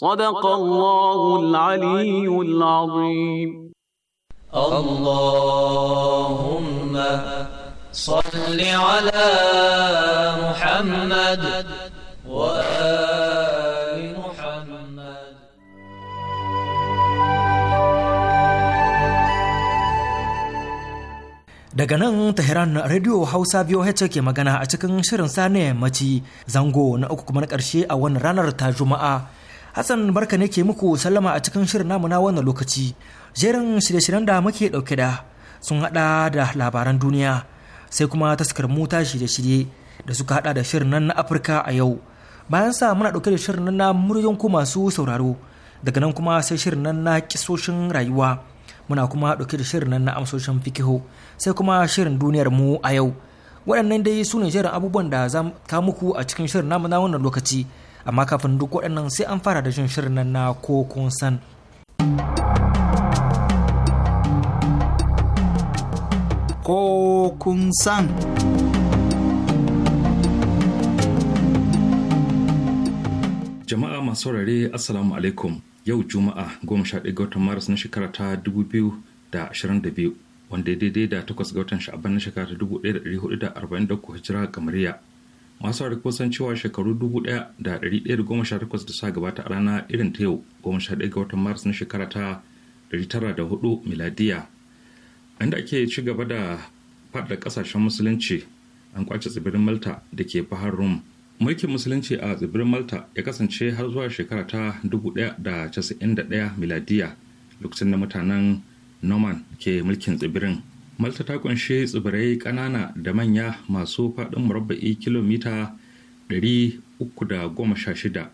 صدق الله العلي العظيم اللهم صل على محمد وآل محمد Daga nan Tehran Radio Hausa VOH ke magana a cikin shirin sa ne mace zango na uku kuma na ƙarshe a wannan ranar ta Juma'a. Hassan barka ne ke muku sallama a cikin shirin namu na wannan lokaci. Jerin shirye-shiryen da muke ɗauke da sun haɗa da labaran duniya sai kuma taskar mota shirye-shirye da suka hada da shirin nan na Afirka a yau. Bayan sa muna ɗauke da shirin nan na muryoyin ku masu sauraro daga nan kuma sai shirin nan na kisoshin rayuwa. Muna kuma ɗauke da shirin nan na amsoshin fikiho sai kuma shirin duniyar mu a yau. waɗannan dai su ne jerin abubuwan da za ta muku a cikin shirin namu na wannan lokaci amma kafin duk waɗannan sai an fara da jin shirin nan na ko kun san ko kun san jama'a masu saurare assalamu alaikum yau juma'a goma sha ɗaya ga watan maris na shekara ta dubu biyu da ashirin da biyu wanda daidai da takwas ga watan sha'aban na shekara ta dubu ɗaya da ɗari hudu da arba'in da uku hijira kamariya masu haɗa kusan cewa shekaru 1118 da sa gabata a rana irin ta yau 11 ga watan maris na shekara ta 904 miladiya inda ake ci gaba da faɗa kasashen musulunci an kwace tsibirin malta da ke bahar rum mulkin musulunci a tsibirin malta ya kasance har zuwa shekara ta 1091 miladiya lokacin da mutanen norman ke mulkin tsibirin malta ta kunshi tsibirai ƙanana da manya masu faɗin murabba'i kilomita 316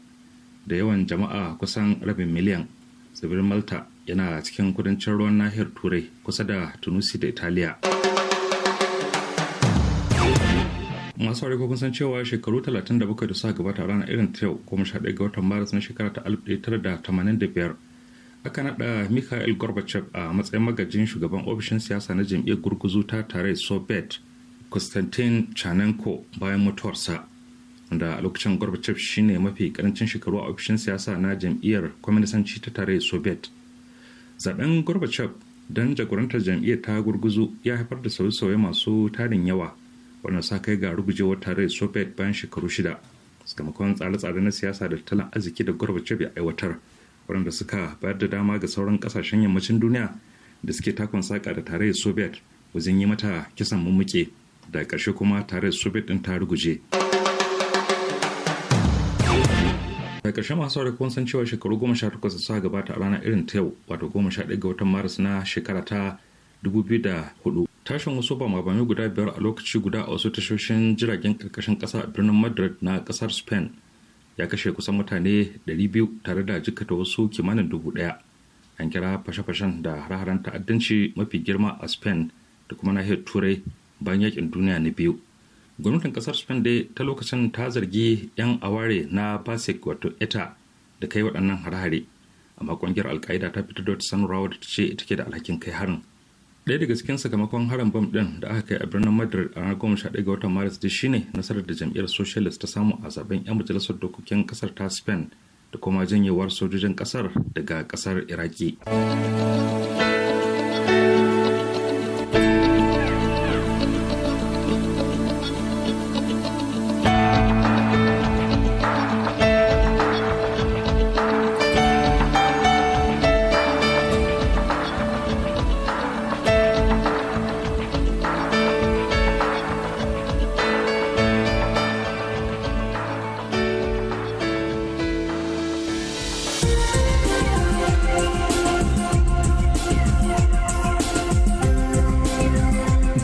da yawan jama'a kusan rabin miliyan tsibirin malta yana cikin kudancin ruwan nahiyar turai kusa da tunusi da italiya masu ware kun san cewa shekaru 37 da suka gabata ranar irin ta yau 11 ga watan maris na shekara ta 1985 aka naɗa mikhail gorbachev a matsayin magajin shugaban ofishin siyasa na jam'iyyar gurguzu ta tare soviet konstantin chanenko bayan mutuwarsa da a lokacin gorbachev ne mafi karancin shekaru a ofishin siyasa na jam'iyyar kwaminisanci ta tare soviet zaben gorbachev don jagorantar jam'iyyar ta gurguzu ya haifar da sauye-sauye masu tarin yawa wannan sa kai ga rugujewar tare soviet bayan shekaru shida sakamakon tsare-tsare na siyasa da tattalin arziki da gorbachev ya aiwatar waɗanda suka bayar da dama ga sauran ƙasashen yammacin duniya da suke takon saƙa da tarayyar soviet wajen yi mata kisan mummuke da ƙarshe kuma tarayyar soviet ɗin ta ruguje da ƙarshe masu wari kun san cewa shekaru goma sha takwas sa gabata a ranar irin ta yau wato goma sha ɗaya ga watan maris na shekara ta dubu biyu da hudu tashin wasu bamabame guda biyar a lokaci guda a wasu tashoshin jiragen ƙarƙashin ƙasa a birnin madrid na ƙasar spain ya kashe kusan mutane 200 tare da jikata wasu kimanin dubu daya an kira fashe-fashen da hare ta'addanci mafi girma a spain da kuma nahiyar turai bayan yakin duniya na biyu gwamnatin kasar spain dai ta lokacin ta zargi 'yan aware na basic wato eta da kai waɗannan harare amma ƙungiyar alkaida ta fitar da wata sanarwa da ta ce ita ke da alhakin kai harin daya daga cikin sakamakon harin bom ɗin da aka kai a birnin madrid a ranar goma sha ɗaya ga watan maris da shine nasarar da jam'iyyar socialist ta samu a zaben yan majalisar dokokin ƙasar ta spain da kuma janyewar sojojin ƙasar daga ƙasar iraki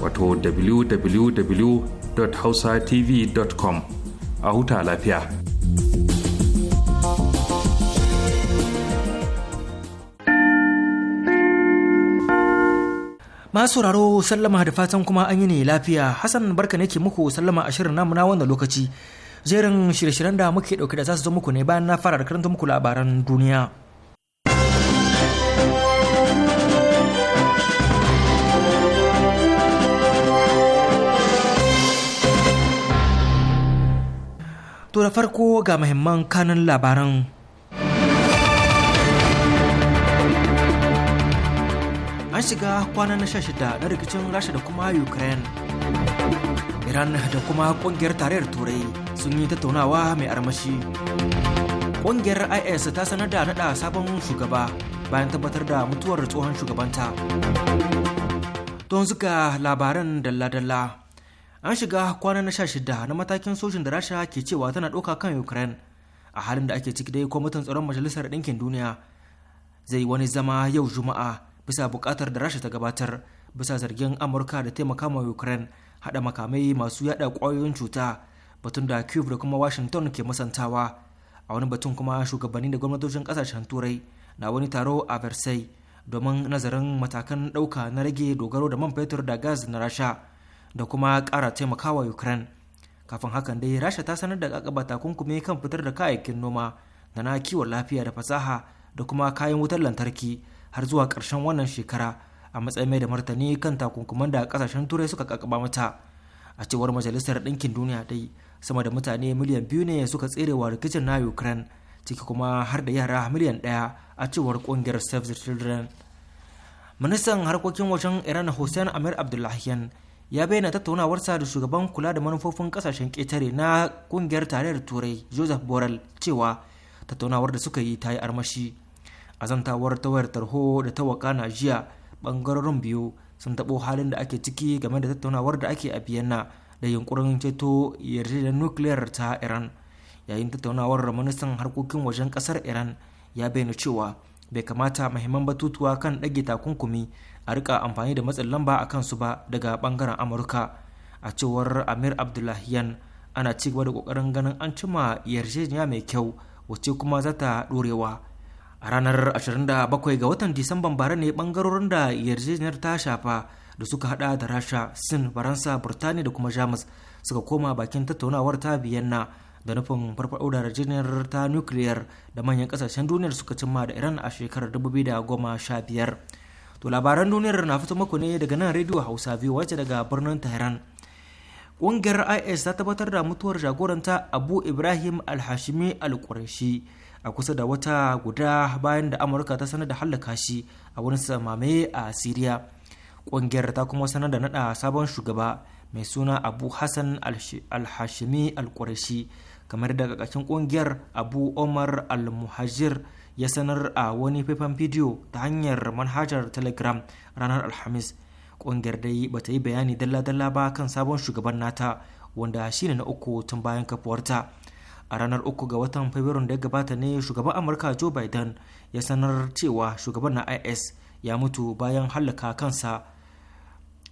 wato www.hausatv.com a huta lafiya. Masu sauraro sallama da fatan kuma an yi ne lafiya Hassan barka ne ke muku sallama a shirin namu na wannan lokaci. Jerin shirye-shiryen da muke ɗauke da za su zo muku ne bayan na fara da karanta muku labaran duniya. To da farko ga muhimman kanan labaran. An shiga kwana na 16 na rikicin Rasha da kuma Ukraine. Iran da kuma kungiyar tarayyar Turai sun yi tattaunawa mai armashi. Kungiyar IS ta sanar da nada sabon shugaba bayan tabbatar da mutuwar tsohon shugabanta. Don zuga labaran dalla-dalla. an shiga kwana na shida na matakin sojin da rasha ke cewa tana ɗauka kan ukraine a halin da ake ciki dai kwamitin tsaron majalisar ɗinkin duniya zai wani zama yau juma'a bisa buƙatar da rasha ta gabatar bisa zargin amurka da taimaka ma ukraine haɗa makamai masu yaɗa ƙwayoyin cuta batun da cube da kuma washington ke masantawa a wani batun kuma shugabanni da gwamnatocin ƙasashen turai na wani taro a versailles domin nazarin matakan ɗauka na rage dogaro da man fetur da gas na rasha da kuma ƙara taimakawa ukraine kafin hakan dai rasha ta sanar da kakaba takunkumi kan fitar da kayayyakin noma da na kiwon lafiya da fasaha da kuma kayan wutar lantarki har zuwa karshen wannan shekara a matsayin mai da martani kan takunkuman da kasashen turai suka kakaba mata a cewar majalisar ɗinkin duniya dai sama da mutane miliyan biyu ne suka tsere wa rikicin na ukraine ciki kuma har da yara miliyan ɗaya a cewar ƙungiyar save the children ministan harkokin wajen iran hussein amir abdullahian ya bayyana tattaunawarsa da shugaban kula da manufofin kasashen ƙetare na kungiyar tarayyar turai joseph borrell cewa tattaunawar da suka yi ta yi armashi a zantawar ta wayar tarho da ta na jiya bangarorin biyu sun taɓo halin da ake ciki game da tattaunawar da ake a biyanna da yunkurin ceto yarjejeniyar nukiliyar ta iran yayin tattaunawar da ministan harkokin wajen ƙasar iran ya bayyana cewa bai kamata mahimman batutuwa kan ɗage takunkumi a rika amfani da matsin lamba a kansu ba daga bangaren amurka a cewar amir abdullahiyan ana ci gaba da kokarin ganin an cima yarjejeniya mai kyau wacce kuma za ta dorewa a ranar 27 ga watan disamban bara ne bangarorin da yarjejeniyar ta shafa da suka hada da rasha sin faransa burtaniya da kuma jamus suka koma bakin tattaunawar ta biyanna da nufin farfaɗo da yarjejeniyar ta nukiliyar da manyan kasashen duniyar suka cimma da iran a shekarar 2015 to labaran duniyar na fito muku ne daga nan rediyo hausa biyu wacce daga birnin tehran ƙungiyar is ta tabbatar da mutuwar jagoranta abu ibrahim alhashimi alƙurashi a kusa da wata guda bayan da amurka ta sanar da hallaka shi a wani samame a siriya ƙungiyar ta kuma sanar da nada sabon shugaba mai suna abu hassan alhashimi alƙurashi kamar daga ƙarshen ƙungiyar abu omar al almuhajir ya sanar a wani faifan bidiyo ta hanyar manhajar telegram ranar alhamis ƙungiyar dai bata yi bayani dalla-dalla ba kan sabon shugaban nata wanda shine na uku tun bayan kafuwarta a ranar uku ga watan fabrairu da ya gabata ne shugaban amurka joe biden ya sanar cewa shugaban na is ya mutu bayan hallaka kansa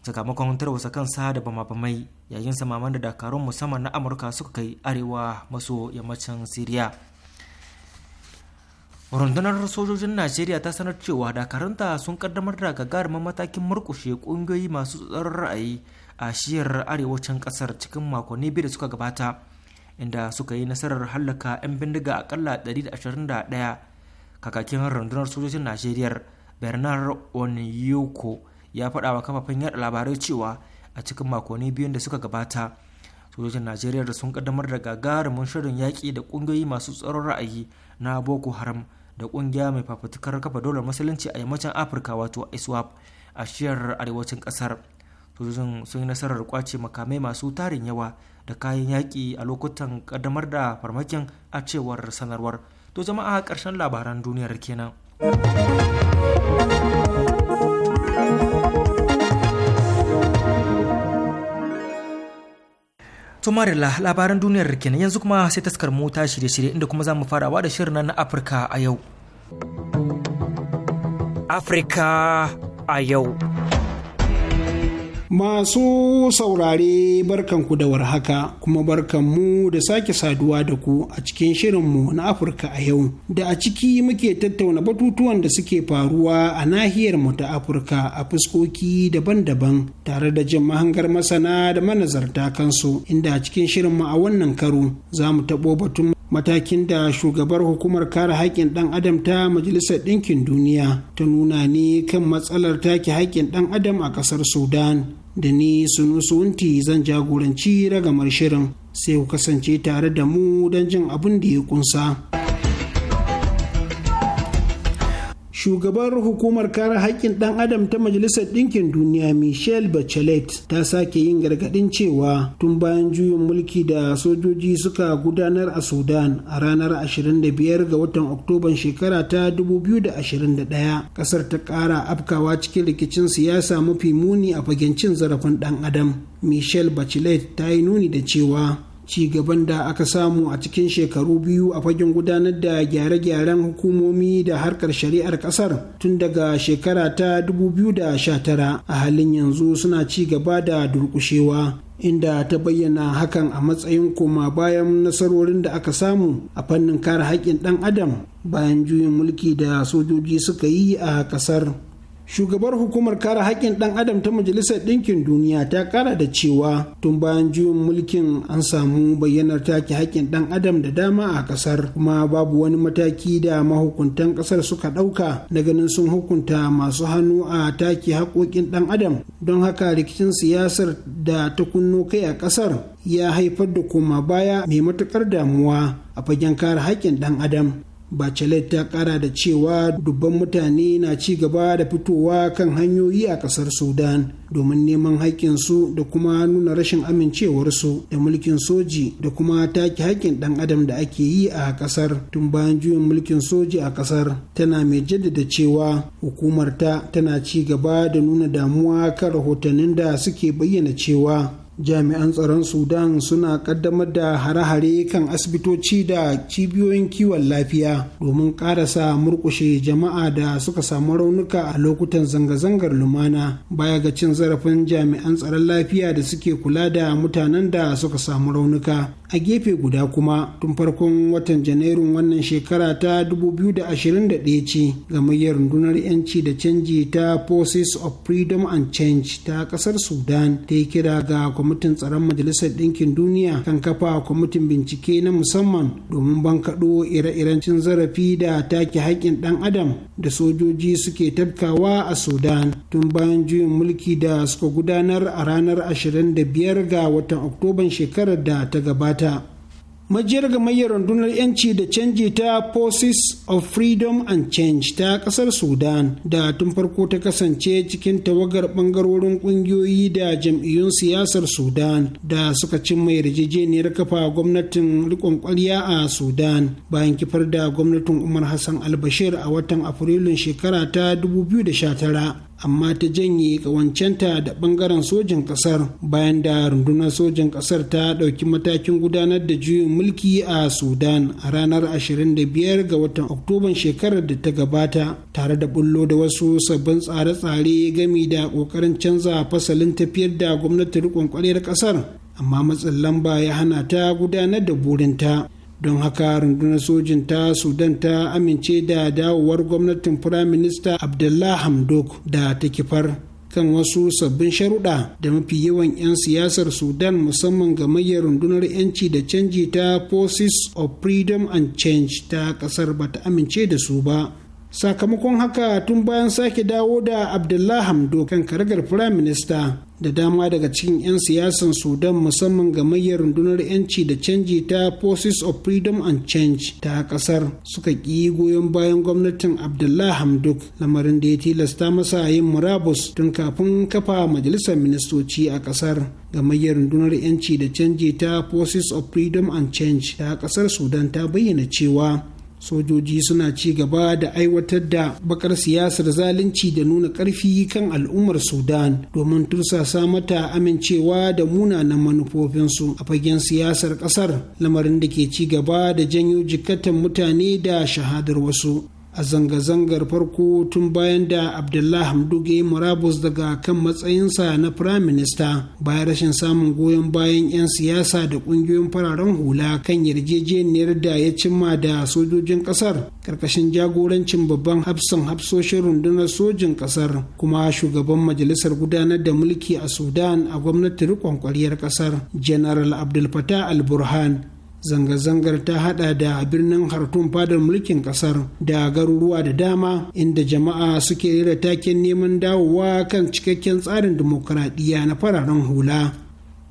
sakamakon tarwasa kansa da bama-bamai yayin samaman da dakarun musamman na amurka suka kai arewa maso yammacin siriya rundunar sojojin najeriya ta sanar cewa dakarunta sun kaddamar da gagarumin matakin murkushe kungiyoyi masu tsaron ra'ayi a shiyar arewacin kasar cikin makonni biyu da suka gabata inda suka yi nasarar hallaka 'yan bindiga akalla 121 kakakin rundunar sojojin najeriya bernard onyoko ya faɗa wa kafafen yada labarai cewa a cikin makonni biyun da suka gabata sojojin najeriya da sun kaddamar da gagarumin shirin yaƙi da ƙungiyoyi masu tsaron ra'ayi na boko haram da ƙungiya mai fafutukar kafa daular musulunci a yammacin afirka wato iswap a shiyar arewacin ƙasar sojojin sun yi nasarar kwace makamai masu tarin yawa da kayan yaƙi a lokutan kaddamar da farmakin a cewar sanarwar to jama'a ƙarshen labaran duniyar kenan. To Marilla labaran duniyar kenan yanzu kuma sai taskar mota shirye-shirye inda kuma za mu farawa da shirin na Afirka a yau. Afirka a yau. Masu saurare barkan ku da warhaka kuma barkanmu da sake saduwa da ku a cikin shirin mu na Afirka a yau da a ciki muke tattauna batutuwan da suke faruwa a nahiyar mu ta Afirka a fuskoki daban-daban tare da jin mahangar masana da manazarta kansu inda a cikin shirinmu a wannan karo za mu taɓo batun matakin da shugabar hukumar kare haƙƙin ɗan adam ta majalisar ɗinkin duniya ta nuna ne kan matsalar take haƙƙin ɗan adam a ƙasar sudan da ni sunusunti zan jagoranci ragamar shirin sai ku kasance tare da mu don jin abin da ya ƙunsa. Shugaban hukumar kare haƙƙin ɗan adam ta majalisar ɗinkin duniya Michel bachelet ta sake yin gargaɗin cewa tun bayan juyin mulki da sojoji suka gudanar a sudan a ranar 25 ga watan oktoban shekara ta 2021 ƙasar ta ƙara afkawa cikin rikicin siyasa mafi muni a fagen cin zarafin ɗan adam Michel bachelet ta yi nuni da cewa ci gaban da aka samu a cikin shekaru biyu a fagen gudanar da gyare-gyaren hukumomi da harkar shari'ar kasar tun daga shekara ta 2019 a halin yanzu suna ci gaba da durkushewa inda ta bayyana hakan a matsayin koma bayan nasarorin da aka samu a fannin kare haƙƙin ɗan adam bayan juyin mulki da sojoji suka yi a ƙasar shugabar hukumar kare haƙƙin ɗan adam ta majalisar ɗinkin duniya ta ƙara da cewa tun bayan juyin mulkin an samu bayyanar take haƙƙin ɗan adam da dama a ƙasar kuma babu wani mataki da mahukuntan ƙasar suka ɗauka na ganin sun hukunta masu hannu a take haƙoƙin ɗan adam don haka rikicin siyasar da ta kunno kai a ƙasar ya haifar da koma baya mai matuƙar damuwa a fagen kare haƙƙin ɗan adam bachelet ta kara da cewa dubban mutane na ci gaba da fitowa kan hanyoyi a kasar sudan domin neman su da kuma nuna rashin amincewarsu da mulkin soji da kuma take haƙƙin ɗan adam da ake yi a kasar tun bayan juyin mulkin soji a kasar tana mai jaddada cewa hukumarta tana ci gaba da nuna damuwa kan rahotannin da suke bayyana cewa jami'an tsaron sudan suna kaddamar da hare-hare kan asibitoci da cibiyoyin kiwon lafiya domin karasa murkushe jama'a da suka samu raunuka a lokutan zanga-zangar lumana baya ga cin zarafin jami'an tsaron lafiya da suke kula da mutanen da suka samu raunuka a gefe guda kuma tun farkon watan janairun wannan shekara ta 2021 ce gamayyar rundunar 'yanci da canji ta forces of freedom and change ta kasar sudan ta yi kira ga kwamitin tsaron majalisar ɗinkin duniya kan kafa kwamitin bincike na musamman domin bankaɗo ire-iren cin zarafi da take haƙƙin ɗan adam da sojoji suke tafkawa a sudan tun bayan juyin mulki da suka gudanar a ranar 25 ga watan oktoban shekarar da ta gabata majiyar gamayyar rundunar yanci da canji ta forces of freedom and change ta kasar sudan da tun farko ta kasance cikin tawagar bangarorin kungiyoyi da jam'iyyun siyasar sudan da suka cin mai yarjejeniyar kafa gwamnatin rikon kwarya a sudan bayan kifar da gwamnatin umar hassan albashir a watan afrilun shekara ta 2019 amma ta janye kawancenta da bangaren sojin kasar bayan da rundunar sojin kasar ta ɗauki matakin gudanar da juyin mulki a sudan a ranar 25 ga watan oktoban shekarar da ta gabata tare da bullo da wasu sabbin tsare-tsare gami da ƙoƙarin canza fasalin tafiyar da gwamnatin riƙon ƙwarar kasar amma matsin lamba ya hana ta gudanar da burinta don haka rundunar sojin ta sudan ta amince da dawowar gwamnatin firaminista abdullah hamdok da ta kifar kan wasu sabbin sharuɗa da mafi yawan 'yan siyasar sudan musamman ga gamayyar rundunar 'yanci da canji ta forces of freedom and change ta ƙasar ta amince da su ba sakamakon haka tun bayan sake dawo da abdullah hamdo kan karagar firaminista da dama daga cikin 'yan siyasan sudan musamman gamayyar rundunar 'yanci da canji ta forces of freedom and change ta kasar suka ƙi goyon bayan gwamnatin abdullah hamduk lamarin da ya tilasta masa yin murabus tun kafin kafa majalisar ministoci a kasar mayar rundunar 'yanci da canji ta forces of freedom and change ta kasar sudan ta bayyana cewa sojoji suna ci gaba da aiwatar da bakar siyasar zalunci da nuna karfi kan al'ummar sudan domin tursasa mata amincewa da munanan manufofinsu a fagen siyasar kasar lamarin da ke ci gaba da janyo jikatan mutane da shahadar wasu a zanga-zangar farko tun bayan da abdullah hamduge murabus daga kan matsayinsa na firayim minista bayan rashin samun goyon bayan 'yan siyasa da kungiyoyin fararen hula kan yarjejeniyar da ya cimma da sojojin kasar karkashin jagorancin babban hafsan hafsoshin rundunar sojin kasar kuma shugaban majalisar gudanar da mulki a sudan a gwamnatin rikon ƙasar, kasar general abdul fatah al-burhan zanga-zangar ta hada da birnin hartun fadar mulkin kasar da garuruwa da dama inda jama'a suke rera taken neman dawowa kan cikakken tsarin dimokuraɗiyya na fararen hula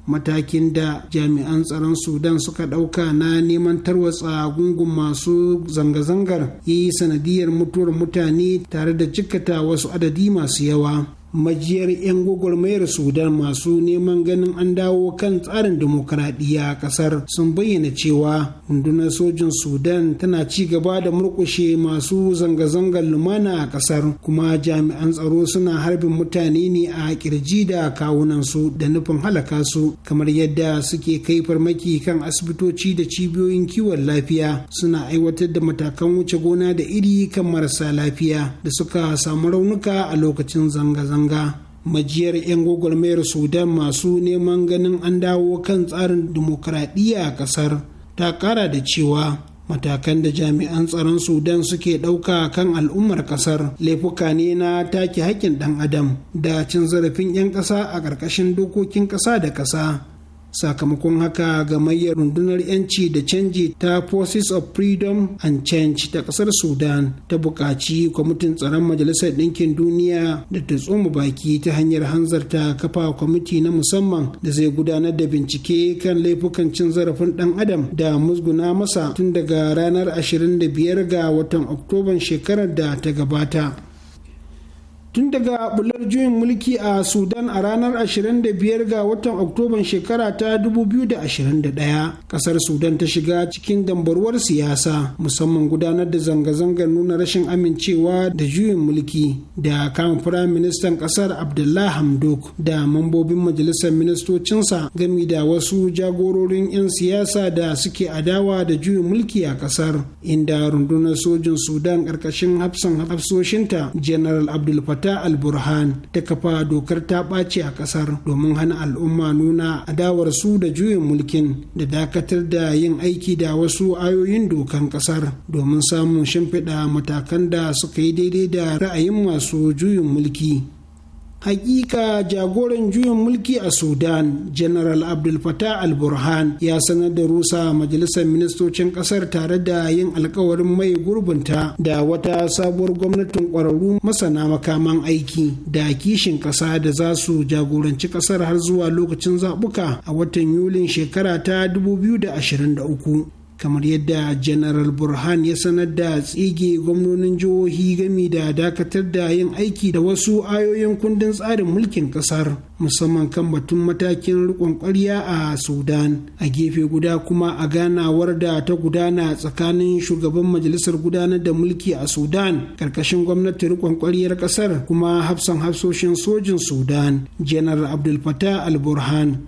matakin da jami'an tsaron sudan suka ɗauka na neman tarwatsa gungun masu zanga-zangar ya yi sanadiyar mutuwar mutane tare da jikata wasu adadi masu yawa majiyar 'yan gwagwarmayar sudan masu neman ganin an dawo kan tsarin dimokuraɗiyya a ƙasar sun bayyana cewa rundunar sojin sudan tana ci gaba da murkushe masu zanga-zangar lumana a ƙasar kuma jami'an tsaro suna harbin mutane ne a kirji da kawunansu da nufin halaka su kamar yadda suke kai farmaki kan asibitoci da cibiyoyin kiwon lafiya suna aiwatar da matakan wuce gona da iri kan marasa lafiya da suka samu raunuka a lokacin zanga-zanga zanga majiyar 'yan gwagwarmayar sudan masu neman ganin an dawo kan tsarin dimokuraɗiyya a ƙasar ta ƙara da cewa matakan da jami'an tsaron sudan suke ɗauka kan al'ummar ƙasar laifuka ne na take haƙƙin ɗan adam da cin zarafin 'yan ƙasa a ƙarƙashin dokokin ƙasa da ƙasa sakamakon haka ga gamayyar rundunar 'yanci da canji ta forces of freedom and change ta kasar sudan ta bukaci kwamitin tsaron majalisar ɗinkin duniya da ta tsoma baki ta hanyar hanzarta kafa kwamiti na musamman da zai gudanar da bincike kan laifukan cin zarafin ɗan adam da musguna masa tun daga ranar 25 ga watan oktoban shekarar da ta gabata tun daga bular juyin mulki a sudan a ranar 25 ga watan oktoban shekara ta 2021 kasar sudan ta shiga cikin dambarwar siyasa musamman gudanar da zanga-zangar nuna rashin amincewa da juyin mulki da kama firayim ministan kasar abdullah hamdok da mambobin majalisar ministocinsa gami da wasu jagororin 'yan siyasa da suke adawa da juyin mulki a kasar inda rundunar sojin sudan ƙarƙashin hafsan hafsoshinta general abdul fatah ta alburhan ta kafa dokar ta ɓace a ƙasar domin hana al'umma nuna adawar su da juyin mulkin da dakatar da yin aiki da wasu ayoyin dokan ƙasar domin samun shimfiɗa matakan da suka yi daidai da ra'ayin masu juyin mulki Hakika jagoran juyin mulki a Sudan, General Abdul Fattah al-Burhan ya sanar da rusa majalisar ministocin kasar tare da yin alkawarin mai gurbinta da wata sabuwar gwamnatin kwararru masana makaman aiki da kishin kasa da za su jagoranci kasar har zuwa lokacin zabuka a watan Yulin shekara ta 2023. kamar yadda general burhan ya sanar da tsige gwamnonin jihohi gami da dakatar da yin aiki da wasu ayoyin kundin tsarin mulkin kasar musamman kan batun matakin rikon kwarya a sudan a gefe guda kuma a ganawar da ta gudana tsakanin shugaban majalisar gudanar da mulki a sudan karkashin gwamnati rikon kwaryar kasar kuma hafsan hafsoshin sojin sudan general abdul fatah al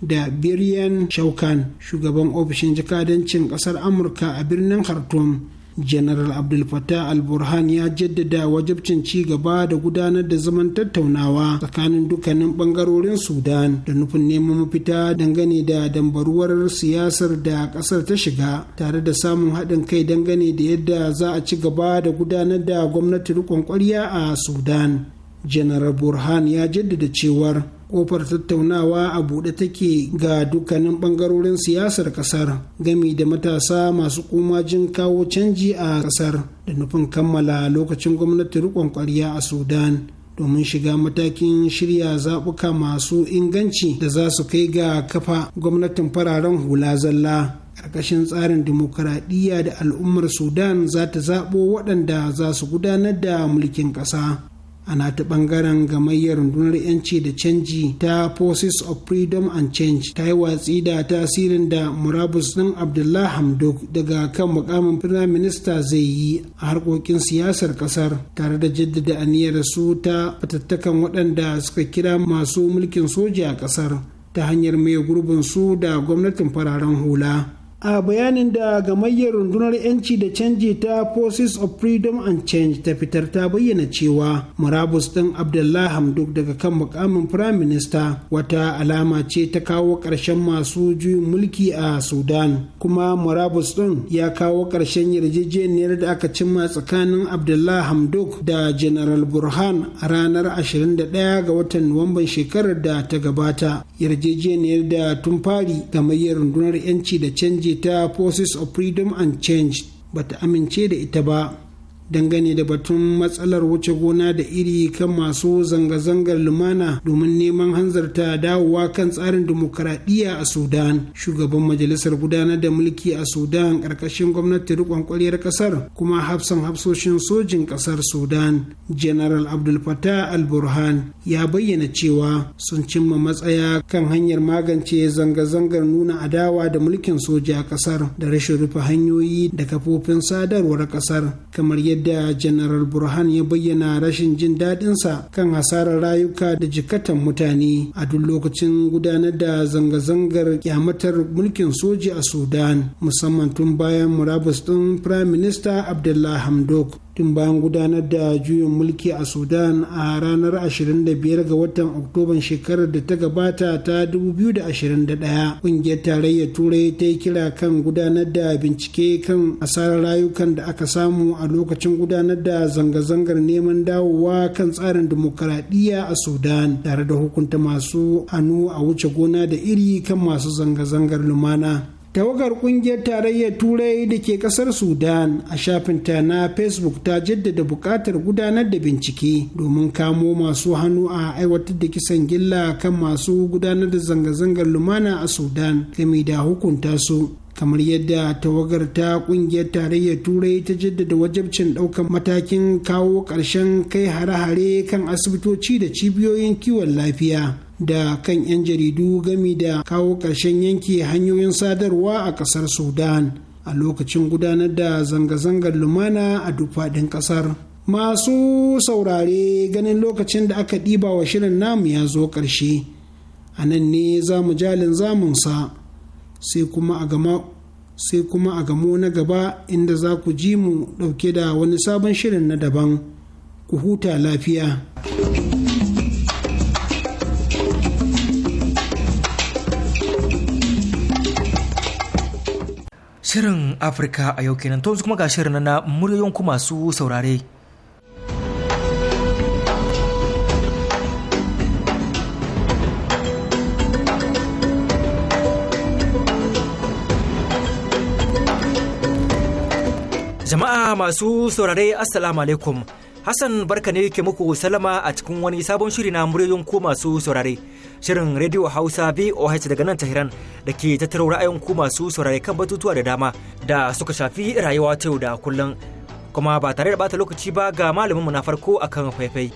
da biryan shaukan shugaban ofishin jikadancin kasar amma. amurka a birnin khartoum general abdul fattah al-burhan ya jaddada wajibcin ci gaba da gudanar da zaman tattaunawa tsakanin dukkanin bangarorin sudan da nufin neman mafita dangane da dambaruwar siyasar da kasar ta shiga tare da samun haɗin kai dangane da yadda za a ci gaba da gudanar da gwamnati rikon kwarya a sudan general burhan ya jaddada cewar kofar tattaunawa a buɗe take ga dukkanin ɓangarorin siyasar ƙasar gami da matasa masu kumajin kawo canji a ƙasar da nufin kammala lokacin gwamnati riƙon ƙwarya a sudan domin shiga matakin shirya zaɓuka masu inganci da za su kai ga kafa gwamnatin fararen hula zalla ƙarƙashin tsarin dimokuraɗiyya da al'ummar sudan za ta zaɓo waɗanda za su gudanar da mulkin ƙasa ana ta bangaren gamayyar rundunar yanci da canji ta forces of freedom and change ta yi watsi da tasirin da murabus din abdullah hamdok daga kan mukamin firayim minista zai yi a harkokin siyasar kasar tare da jaddada aniyar su ta fatattakan waɗanda suka kira masu mulkin soja a kasar ta hanyar mai gurbin su da gwamnatin fararen hula a bayanin da gamayyar rundunar 'yanci da canji ta forces of freedom and change ta fitar ta bayyana cewa murabus din abdullah hamduk daga kan mukamin prime minister wata alama ce ta kawo ƙarshen masu juyin mulki a sudan kuma murabus din ya kawo ƙarshen yarjejeniyar da aka cimma tsakanin abdullah hamduk da general burhan a ranar 21 ga watan nuwamban shekarar da ta gabata yarjejeniyar da tun fari gamayyar rundunar 'yanci da canji ta forces of freedom and change ba ta amince da ita ba dangane da batun matsalar wuce gona da iri kan masu zanga-zangar lumana domin neman hanzarta dawowa kan tsarin dimokuraɗiyya a sudan shugaban majalisar gudanar da mulki a sudan ƙarƙashin gwamnati riƙon ƙwaryar ƙasar kuma hafsan hafsoshin sojin ƙasar sudan general abdul fatah al-burhan ya bayyana cewa sun cimma matsaya kan hanyar magance zanga-zangar nuna adawa da mulkin soja a ƙasar da rashin rufe hanyoyi da kafofin sadarwar ƙasar kamar yadda yadda janaral burhan ya bayyana rashin jin daɗinsa kan hasarar rayuka da jikatan mutane a duk lokacin gudanar da zanga-zangar kyamatar mulkin soji a sudan musamman tun bayan murabus ɗin firaminista abdullah hamdok tun bayan gudanar da juyin mulki a sudan a ranar 25 ga watan oktoban shekarar da ta gabata ta 2021 ƙungiyar tarayyar turai ta yi kira kan gudanar da bincike kan asarar rayukan da aka samu a lokacin gudanar da zanga-zangar neman dawowa kan tsarin dimokuraɗiyya a sudan tare da hukunta masu hannu a wuce gona da iri kan masu zanga-zangar lumana tawagar kungiyar tarayyar turai da ke kasar sudan a shafinta na facebook ta jaddada bukatar gudanar da bincike domin kamo masu hannu a aiwatar da kisan gilla kan masu gudanar da zanga-zangar lumana a sudan game da hukunta su kamar yadda tawagar ta kungiyar tarayyar turai ta jaddada wajabcin ɗaukar matakin kawo ƙarshen kai hare-hare kan asibitoci da cibiyoyin kiwon lafiya da kan 'yan jaridu gami da kawo ƙarshen yanke hanyoyin sadarwa a ƙasar sudan a lokacin gudanar da zanga-zangar lumana a duk faɗin ƙasar masu saurare ganin lokacin da aka ɗiba wa shirin namu ya zo ƙarshe a nan ne za mu jalin zamunsa sai kuma a gamo na gaba inda za ku ji mu ɗauke da wani sabon shirin na daban ku huta lafiya. Shirin Afirka a yau kenan to kuma ga shirin na muryoyin ku masu saurare. Jama'a masu saurare Assalamu alaikum. Hassan barka ne ke muku salama a cikin wani sabon shiri na muryoyin ku masu saurare. Shirin Radio Hausa VOH daga nan Tahiran da ke tattaro ra'ayin ku masu saurare kan batutuwa da dama da suka shafi rayuwa ta yau da kullum. Kuma ba tare da bata lokaci ba ga malamin mu na farko akan faifai.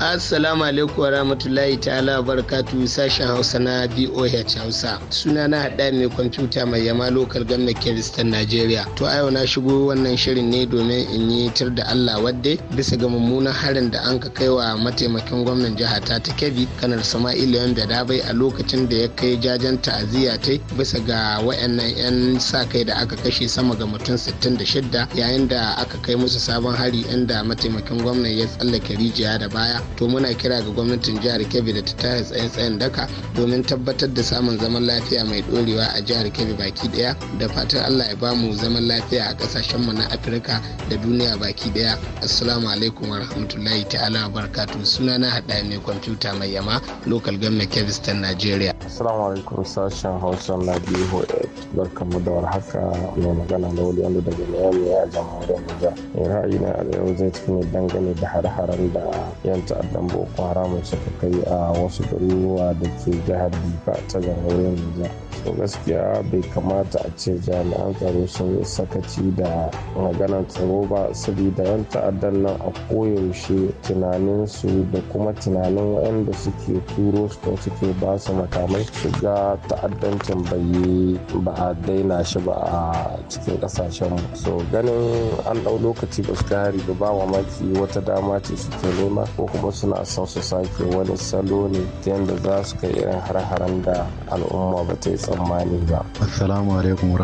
Assalamu alaikum wa rahmatullahi ta'ala barakatu sashen Hausa na BOH Hausa. Suna na haɗa mai kwamfuta mai yama lokal gamme Kiristan Najeriya. To a yau na shigo wannan shirin ne domin in yi tir da Allah wadde bisa ga mummunan harin da an ka kai wa mataimakin gwamnan jiha ta ta Kebbi kanar Sama'ilu Yanda Dabai a lokacin da ya kai jajen ta'aziyya ta bisa ga wayannan 'yan sa kai da aka kashe sama ga mutum 66 yayin da aka kai musu sabon hari inda mataimakin gwamnan ya tsallake rijiya da baya to muna kira ga gwamnatin jihar kebbi da ta tare tsaye-tsayen daka domin tabbatar da samun zaman lafiya mai dorewa a jihar kebbi baki daya da fatan allah ya ba mu zaman lafiya a kasashen mu na afirka da duniya baki daya assalamu alaikum wa rahmatullahi ta'ala wa barakatu suna na hada mai kwamfuta mai yama local government kebbi nigeria assalamu alaikum sashen hausa na biyu barkamu da warhaka mai magana da wani wanda daga miami a jamhuriyar nijar na a yau zai cikin dangane da har-haren da yanta ta'addan boko haram suka kai a wasu garuruwa da ke jihar difa ta jamhuriyar nijar to gaskiya bai kamata a ce jami'an tsaro sun sakaci da maganar tsaro ba saboda yan ta'addan nan a koyaushe tunanin su da kuma tunanin waɗanda suke turo su ko suke ba su makamai su ga ta'addancin bayi ba a daina shi ba a cikin ƙasashen mu so ganin an ɗau lokaci ba su hari ba ba mamaki wata dama ce suke nema ko kuma wasu na son su sake wani salo ne ta yadda za su kai irin har-haren da al'umma ba ta yi tsammani ba. Assalamu alaikum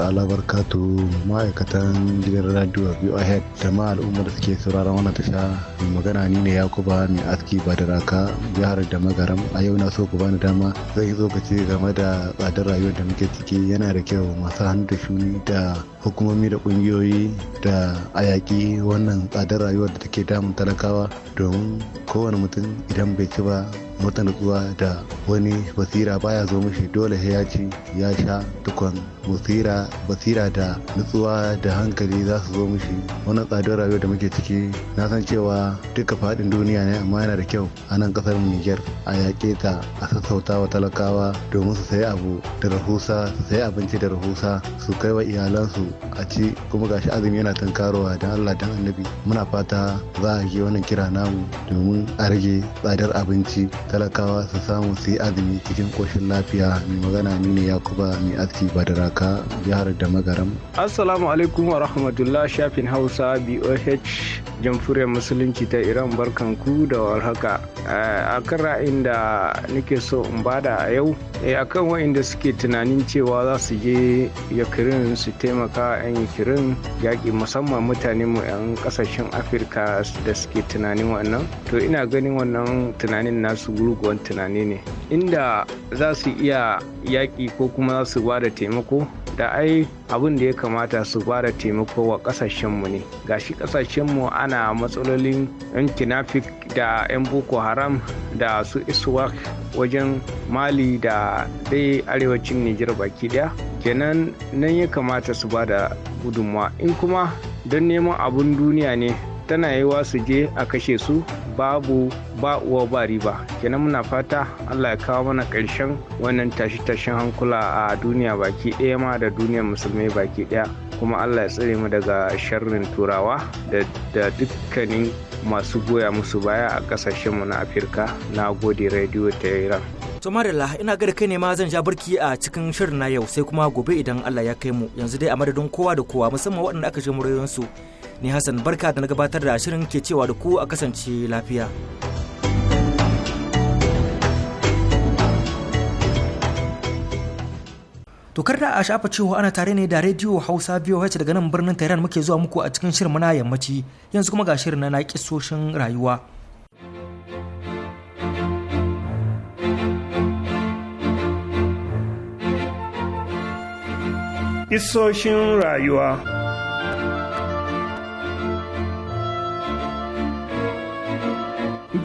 ta'ala barkatu ma'aikatan gidan radio BOHead da ma al'umma da suke sauraron wannan tasha sha magana ni ne Yakuba mai aski Badaraka jihar da magaram a yau na so ku bani dama zai zo game da tsadar rayuwar da muke ciki yana da kyau masu hannu da shuni da hukumomi da ƙungiyoyi da a wannan tsadar rayuwar da take damun talakawa domin kowane mutum idan bai ci ba wata nutsuwa da wani basira baya zo mishi dole ya ci ya sha tukun basira basira da nutsuwa da hankali za su zo mishi wannan tsadar rayuwa da muke ciki na san cewa duka faɗin duniya ne amma yana da kyau a nan ƙasar mu Niger a yaƙe ta a sassauta wa talakawa domin su sayi abu da rahusa su sayi abinci da rahusa su kai wa iyalansu a ci kuma gashi azumi yana tunkarowa don Allah don annabi muna fata za a yi wannan kira namu domin a rage tsadar abinci talakawa su samu su yi azumi cikin koshin lafiya mai magana ni ne yakuba mai aski badaraka jihar da magaram assalamu alaikum wa rahmatullah shafin hausa boh jamhuriyar musulunci ta iran barkan ku da warhaka eh, a kan ra'ayin da nake so in bada a yau eh, a kan wa'inda suke tunanin cewa za su je yakirin su taimaka 'yan yakirin yaƙi musamman mutane mu 'yan ƙasashen afirka da suke tunanin wannan to ina ganin wannan tunanin nasu gurguwan tunani ne inda za su iya yaƙi ko kuma za su bada taimako da ai abin da ya kamata su ba da taimako wa ƙasashenmu ne gashi ƙasashenmu ana matsalolin yan kinafik da yan boko haram da su iswak wajen mali da dai arewacin nijar baki daya kenan nan ya kamata su ba da gudunmawa in kuma don neman abun duniya ne tana wa su je a kashe su babu ba uwa ba riba kenan muna fata allah ya kawo mana ƙarshen wannan tashi-tashin hankula a duniya baki ɗaya ma da duniyar musulmai baki ɗaya kuma allah ya tsare mu daga sharrin turawa da dukkanin masu goya musu baya a kasashenmu na afirka na gode radio ta iran to marilla ina ga kai ne ma zan ja barki a cikin shirin na yau sai kuma gobe idan allah ya kai mu yanzu dai a madadin kowa da kowa musamman waɗanda aka je murayensu ni hassan barka da na gabatar da shirin ke cewa da ku a kasance lafiya To kar da a shafa cewa ana tare ne da rediyo Hausa VOH daga nan birnin Tehran muke zuwa muku a cikin shirin na yammaci yanzu kuma ga shirin na kisoshin rayuwa. Isoshin rayuwa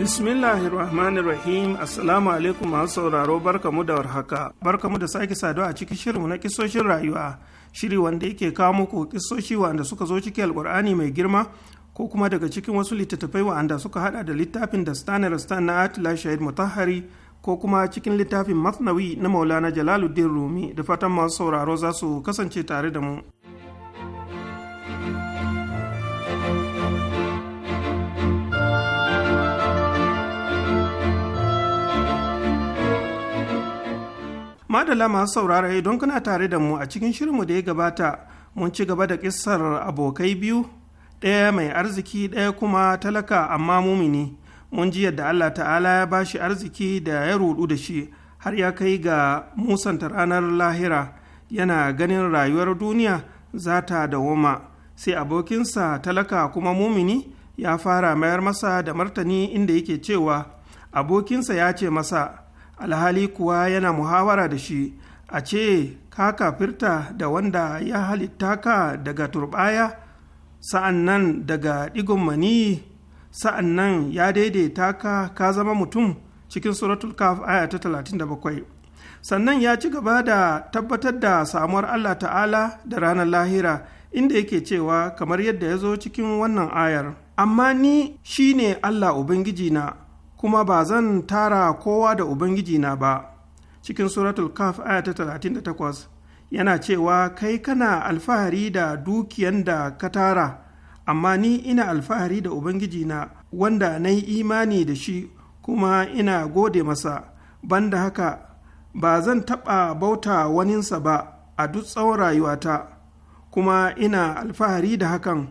Bismillahirrahmanirrahim Assalamu alaikum masu sauraro barkamu da warhaka barkamu da sake saduwa a cikin shirinmu na kisoshin rayuwa shiri wanda yake kawo muku kisoshi wanda suka zo cikin alkur'ani mai girma ko kuma daga cikin wasu littattafai wanda suka hada da littafin da stan na atila shahid mutahari ko kuma cikin littafin masnawi na maulana jalaluddin rumi da fatan masu sauraro za su kasance tare da mu madala masu saurare don kana tare da mu a cikin shirinmu da ya gabata mun ci gaba da ƙisar abokai biyu ɗaya mai arziki ɗaya kuma talaka amma mumini mun ji yadda allah ta'ala ya ba shi arziki da ya rudu da shi har ya kai ga musanta ranar lahira yana ganin rayuwar duniya za ta dawoma sai abokinsa talaka kuma mumini ya fara mayar masa da martani inda yake cewa abokinsa ya ce masa alhali kuwa yana muhawara da shi a ce ka kafirta da wanda ya halitta ka daga turbaya sa'an nan daga ɗigon mani sa'an nan ya daidaita ka ka zama mutum cikin suratul kaf aya ta 37 sannan ya ci gaba da tabbatar da samuwar allah ta'ala da ranar lahira inda yake cewa kamar yadda ya zo cikin wannan ayar amma ni shine allah ubangiji na kuma ba zan tara kowa da ubangiji na ba cikin suratul kaf aya ta 38 yana cewa kai kana alfahari da dukiyan da ka tara amma ni ina alfahari da ubangiji na wanda na yi imani da shi kuma ina gode masa banda haka ba zan taɓa bauta waninsa ba a duk tsawon rayuwata kuma ina alfahari da hakan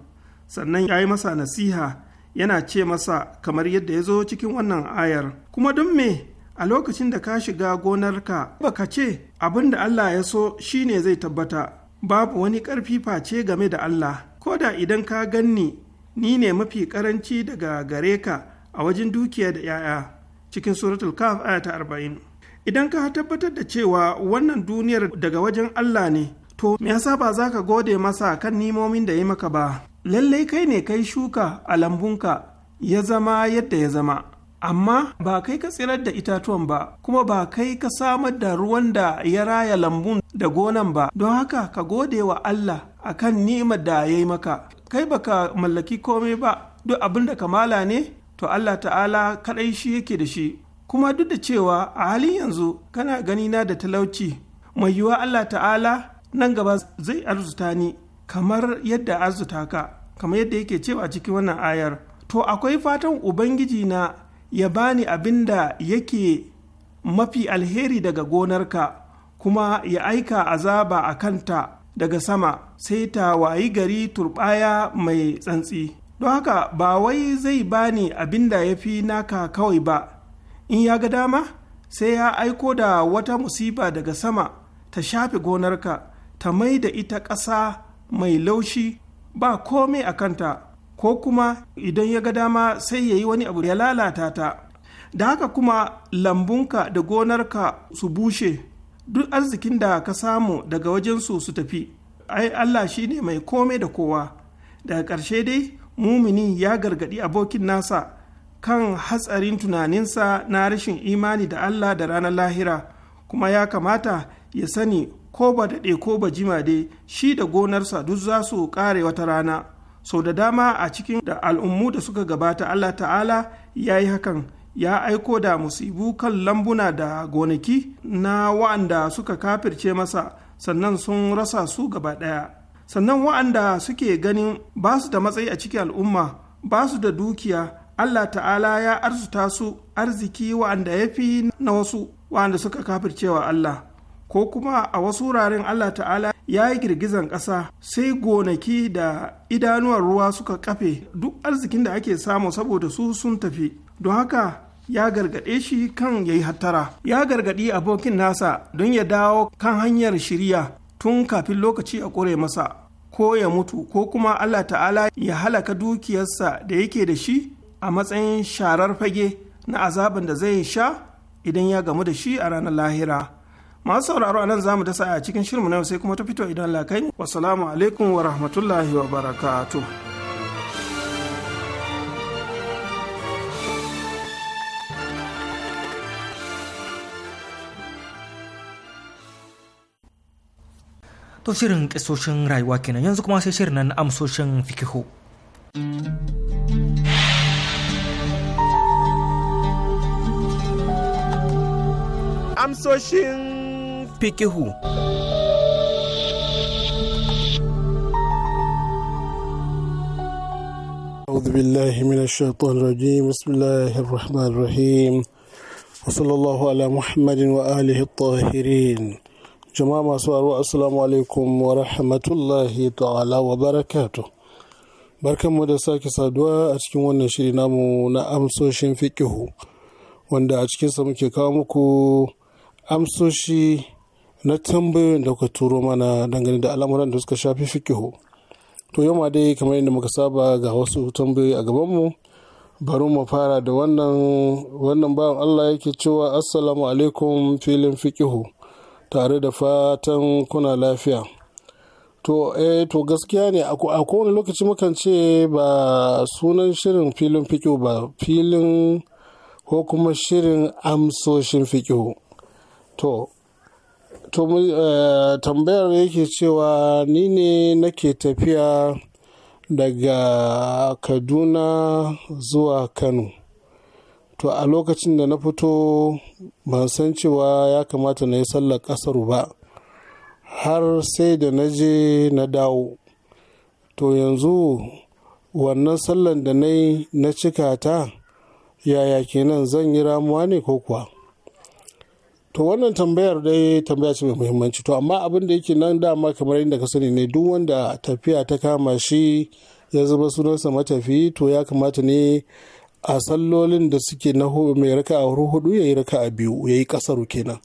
sannan ya yi masa nasiha yana ce masa kamar yadda ya zo cikin wannan ayar kuma don me a lokacin da ka shiga gonarka ka ce abin da Allah ya so shi ne zai tabbata babu wani ƙarfi face game da Allah ko da idan ka ganni ni ne mafi ƙaranci daga gare ka a wajen dukiya da 'ya'ya cikin suratul kaf ayata 40. arba'in. idan ka tabbatar da cewa wannan duniyar daga wajen Allah ne to me yasa ba za ka gode masa kan nimomin da ya maka ba lallai kai ne kai shuka a lambunka ya zama yadda ya zama amma ba kai ka tsirar da itatuwan ba kuma ba kai ka samar da ruwan da ya raya lambun da gonan ba don haka ka gode wa Allah kan ni'imar da ya yi maka kai baka mallaki komai ba duk abin da kamala ne to Allah ta'ala kaɗai shi yake da shi kuma duk da cewa a halin yanzu kana ganina da talauci mai yiwuwa Allah ta'ala nan gaba zai arzuta ni kamar yadda arzuta ka kamar yadda yake cewa cikin wannan ayar to akwai fatan ubangiji na ya bani abin da yake mafi alheri daga gonarka kuma ya aika azaba a kanta daga sama sai ta wayi gari turbaya mai tsantsi don haka ba wai zai bani abin da ya fi naka kawai ba in ya ga dama sai ya aiko da wata musiba daga sama ta shafe gonarka ta mai da ita ƙasa mai laushi ba komai a kanta ko kuma idan ya ga dama sai ya yi wani abu ya lalata ta da haka kuma lambunka da gonarka su bushe duk arzikin da ka samu daga wajensu su tafi ai Allah shi ne mai komai da kowa daga ƙarshe dai mumini ya gargaɗi abokin nasa kan hatsarin tunaninsa na rashin imani da Allah da ranar lahira kuma ya kamata ya sani ko ba daɗe ko ba jima dai shi da gonarsa duk za su ƙare wata rana sau da dama a cikin da al'ummu da suka gabata allah ta'ala ya yi hakan ya aiko da musibu kan lambuna da gonaki na wa'anda suka kafirce masa sannan sun rasa su gaba ɗaya sannan wa'anda suke ganin ba su da matsayi a cikin al'umma ba su da dukiya allah ta'ala ya arzuta su arziki wa'anda ya fi na wasu wa'anda suka kafircewa allah ko kuma a wasu wuraren Allah ta'ala ya yi girgizan ƙasa sai gonaki da idanuwar ruwa suka kafe duk arzikin da ake samu saboda su sun tafi don haka ya gargaɗe shi kan ya yi hattara ya gargaɗi abokin nasa don ya dawo kan hanyar shirya tun kafin lokaci a ƙure masa ko ya mutu ko kuma Allah ta'ala ya halaka dukiyarsa da yake da shi a matsayin sharar fage na azaban da zai sha idan ya gamu da shi a ranar lahira. masu sauraro a nan za mu dasa a cikin shirinmu na yau sai kuma ta fito idan lakai wasalamu alaikum wa rahmatullahi wa barakatuh To shirin kisoshin rayuwa kenan yanzu kuma sai shirin nan amsoshin fikihu. Amsoshin fikihu. أعوذ بالله من الشيطان الرجيم بسم الله الرحمن الرحيم وصلى الله على محمد وآله الطاهرين jama'a masu warwa assalamu alaikum wa rahmatullahi ta'ala wa barakatu barkanmu da sake saduwa a cikin wannan shiri namu na amsoshin fiƙihu wanda a cikinsa muke kawo muku amsoshi na tambayoyin da kuka turo mana dangane da al'amuran da suka shafi fikihu to yau ma dai kamar yadda muka saba ga wasu tambayoyi a gabanmu bari mu fara da wannan wannan bawan allah yake cewa assalamu alaikum filin fikihu tare da fatan kuna lafiya to eh to gaskiya ne a kowane lokaci mukan ce ba sunan shirin filin fikihu ba filin ko kuma shirin amsoshin fikihu to to eh, tambayar yake cewa ni ne nake tafiya daga kaduna zuwa kano to a lokacin da na fito ban san cewa ya kamata na yi sallar kasar ba har sai da na je na dawo to yanzu wannan sallar da na yi na cika ta yaya kenan zan yi ramuwa ne ko kuwa to wannan tambayar dai tambaya ce mai muhimmanci to amma abin da yake nan dama kamar yadda ka sani ne duk wanda tafiya ta kama shi ya zama sunansa matafi to ya kamata ne a sallolin da suke na mai raka a hudu ya yi raka a biyu ya yi kasaru kenan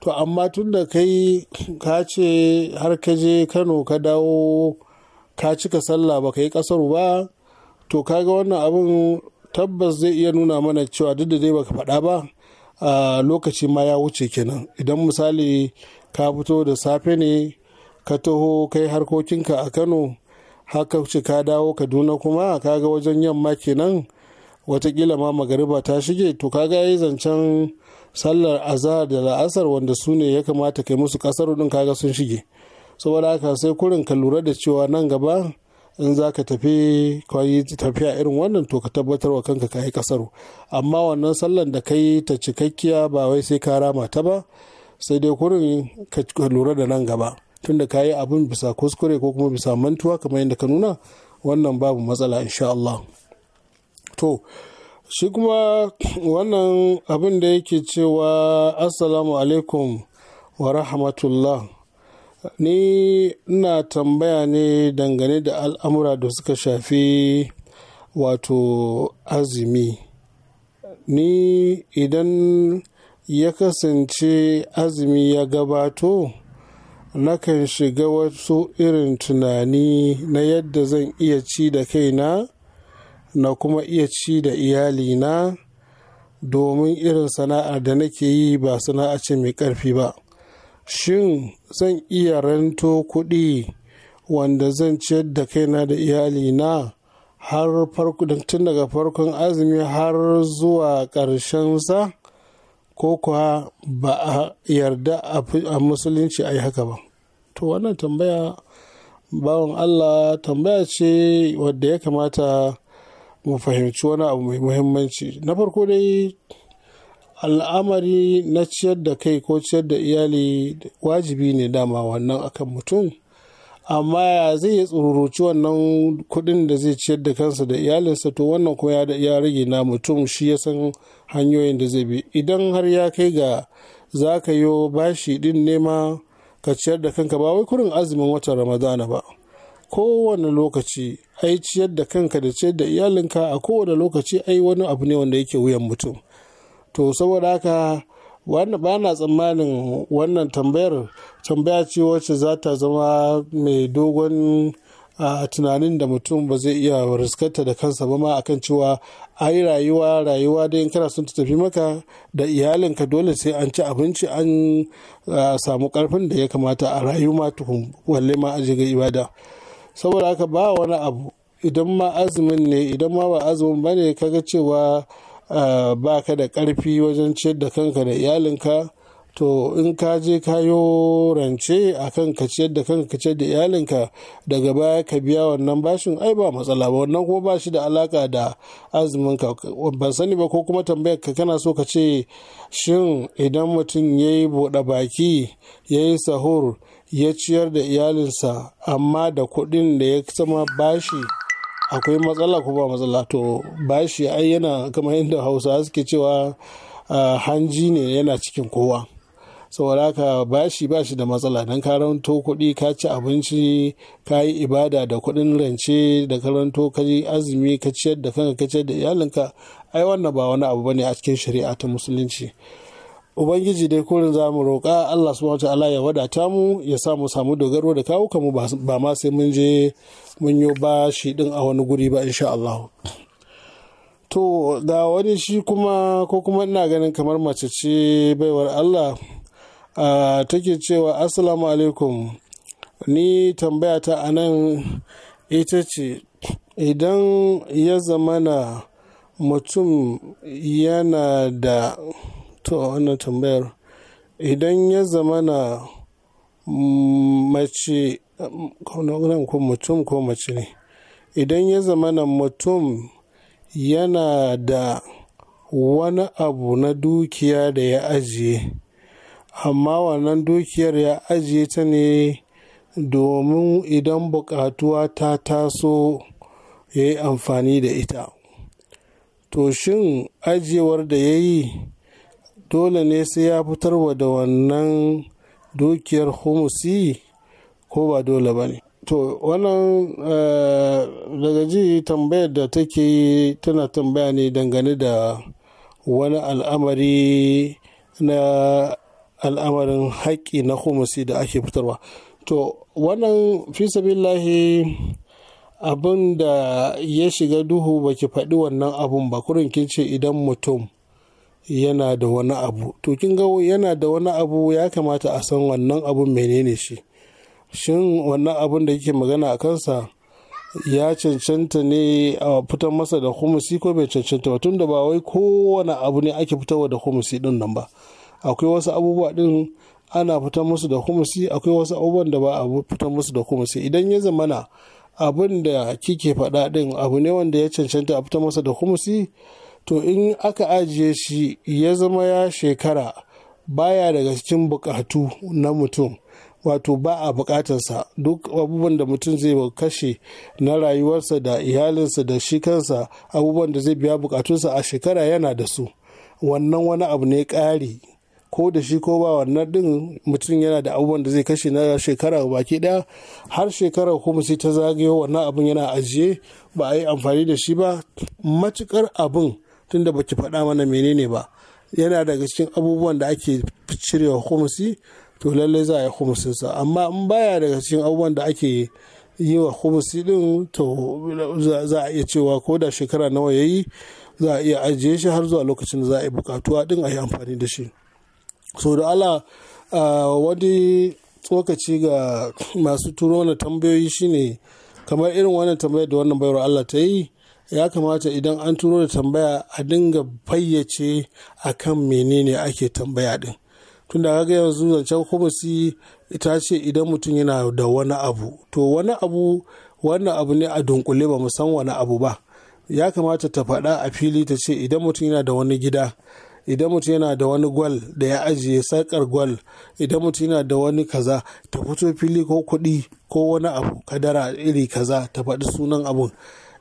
to amma tun da kai ka ce har ka je kano ka dawo ka cika sallah ba ka yi kasaru ba to kaga wannan abin tabbas zai iya nuna mana cewa duk da dai baka faɗa ba a lokaci ma ya wuce kenan idan misali ka fito da safe ne ka taho kai harkokinka a kano haka ce ka dawo kaduna kuma kaga wajen yamma kenan watakila ma magariba ta shige to kaga yi zancen sallar azahar da la'asar wanda su ne ya kamata kai musu kasar din kaga sun shige saboda haka sai kurin ka lura da cewa nan gaba in za ka tafi kwayi tafiya irin wannan to ka tabbatar wa kanka ka yi kasar amma wannan sallan da kai ta cikakkiya ba wai sai ka rama ta ba sai dai kurin ka lura da nan gaba tunda ka yi abin bisa kuskure ko kuma bisa mantuwa kamar yadda ka nuna wannan babu matsala insha Allah to shi kuma wannan abin da yake cewa assalamu alaikum wa rahmatullah ni ina tambaya ne dangane da al'amura da suka shafi wato azumi ni idan ya kasance azumi ya gabato nakan shiga wasu irin tunani na yadda zan iya ci da kaina na kuma iya ci da iyalina domin irin sana'ar da nake yi ba sana'a ce mai ƙarfi ba shin zan iya rento kuɗi wanda zan ciyar da kaina da iyalina har tun daga farkon azumi har zuwa ƙarshen sa? ko kuwa ba a yarda a musulunci a yi haka ba to wannan tambaya bawan allah tambaya ce wadda ya kamata mu fahimci wani abu mai muhimmanci na farko dai al'amari na ciyar da kai ko ciyar da iyali wajibi ne dama wannan akan mutum amma ya zai yi tsururuci wannan kudin da zai ciyar da kansa da iyalinsa to wannan kuma ya rage na mutum shi ya san hanyoyin da zai bi idan har ya kai ga za ka yi bashi din nema ka ciyar da kanka ba wai kurin azumin watan ramadana ba kowane lokaci ai ciyar da kanka da ciyar da iyalinka a kowane lokaci ai wani abu ne wanda yake wuyan mutum to saboda haka wani ba na tsammanin wannan tambayar tambaya ce wacce za ta zama mai dogon a tunanin da mutum ba zai iya riskanta da kansa ba ma akan cewa ai rayuwa rayuwa dai in kana son ta tafi maka da iyalinka dole sai an ci abinci an samu karfin da ya kamata a rayu ma tukun walle ma aje ga ibada saboda haka ba wani abu idan ma azumin ne idan ma ba azumin ba ne kaga cewa ba ka da ƙarfi wajen ciyar da kanka da iyalinka to in ka je kayo rance a kan ka ciyar da kanka ka ciyar da iyalinka daga baya ka biya wannan bashin ai ba matsala ba wannan kuma ba shi da alaka da azuminka ka ban sani ba ko kuma tambayar ka kana so ka ce shin idan mutum ya yi buɗe baki ya yi sahur ya ciyar da iyalinsa amma da kuɗin da ya zama bashi akwai matsala ko ba matsala to bashi ai yana kamar yadda hausa suke cewa hanji ne yana cikin kowa saboda haka ba shi da matsala don karanto kuɗi ka ci abinci ka yi ibada da kuɗin rance da karanto ka yi azumi ka ciyar da kanka ka ciyar da iyalinka ai wannan ba wani abu bane a cikin shari'a ta musulunci ubangiji dai kurin za mu roƙa allah subhanahu ta'ala ya wadata mu ya sa mu samu dogaro da kawo kamu ba ma sai mun je mun yi ba shi din a wani guri ba insha allah to ga wani shi kuma ko kuma ina ganin kamar mace ce baiwar allah take cewa assalamu alaikum ni tambaya ta a nan ita ce idan ya zamana mutum yana da to a wannan tambayar idan ya zama na mm, mace ko mutum ko mace ne idan ya zama na mutum yana da wani abu na dukiya da ya ajiye amma wannan dukiyar ya ajiye ta ne domin idan bukatuwa ta taso ya yi amfani da ita to shin ajiyewar da ya yi dole ne sai ya fitar wa da wannan dukiyar humusi ko ba dole ba ne to wannan eh, daga ji tambayar da take yi tana tambaya ne dangane da wani al'amari na al'amarin haƙƙi na humusi da ake fitarwa to wannan fisabillahi abin da ya shiga duhu baki faɗi wannan abun ba kurin kin ce idan mutum yana da wani abu to kin ga yana da wani abu ya kamata a san wannan abun menene shi shin wannan abun da yake magana a kansa ya cancanta ne a fitar masa da humusi ko bai cancanta ba tunda ba wai kowane abu ne ake fitarwa da humusi din nan ba akwai wasu abubuwa din ana fitar musu da humusi akwai wasu abubuwan da ba a fitar musu da humusi idan ya zamana abin da kike faɗa din abu ne wanda ya cancanta a fitar masa da humusi to in aka ajiye shi ya zama ya shekara baya daga cikin bukatu na mutum wato ba a bukatarsa duk abubuwan da mutum zai kashe na rayuwarsa da iyalinsa da shi kansa abubuwan da zai biya bukatunsa a shekara yana da su wannan wani abu ne ƙari ko da shi ko ba wannan din mutum yana da abubuwan da zai kashe na shekara baki ɗaya? har shekara kuma sai ta zagayo wannan abin yana ajiye ba a yi amfani da shi ba matukar abin tunda baki faɗa mana menene ba yana daga cikin abubuwan da ake wa khumsi to lallai za a yi sa amma in baya daga cikin abubuwan da ake yi wa khumsi din to za a iya cewa ko da shekara nawa ya yi za a iya ajiye shi har zuwa lokacin da za a yi bukatuwa din a yi amfani da shi so da ala wani tsokaci ga masu turo na tambayoyi shine kamar irin wannan tambayar da wannan bayar Allah ta yi ya kamata idan an turo da tambaya a dinga fayyace a kan menene ake tambaya din tunda kaga yanzu zancen kumusi ita ce idan mutum yana da wani abu to wani abu wannan abu ne a dunkule ba san wani abu ba ya kamata ta faɗa a fili ta ce idan mutum yana da wani gida idan mutum yana da wani gwal da ya ajiye sarkar gwal idan mutum yana da wani kaza ta fito fili ko kuɗi ko wani abu kadara iri kaza ta faɗi sunan abun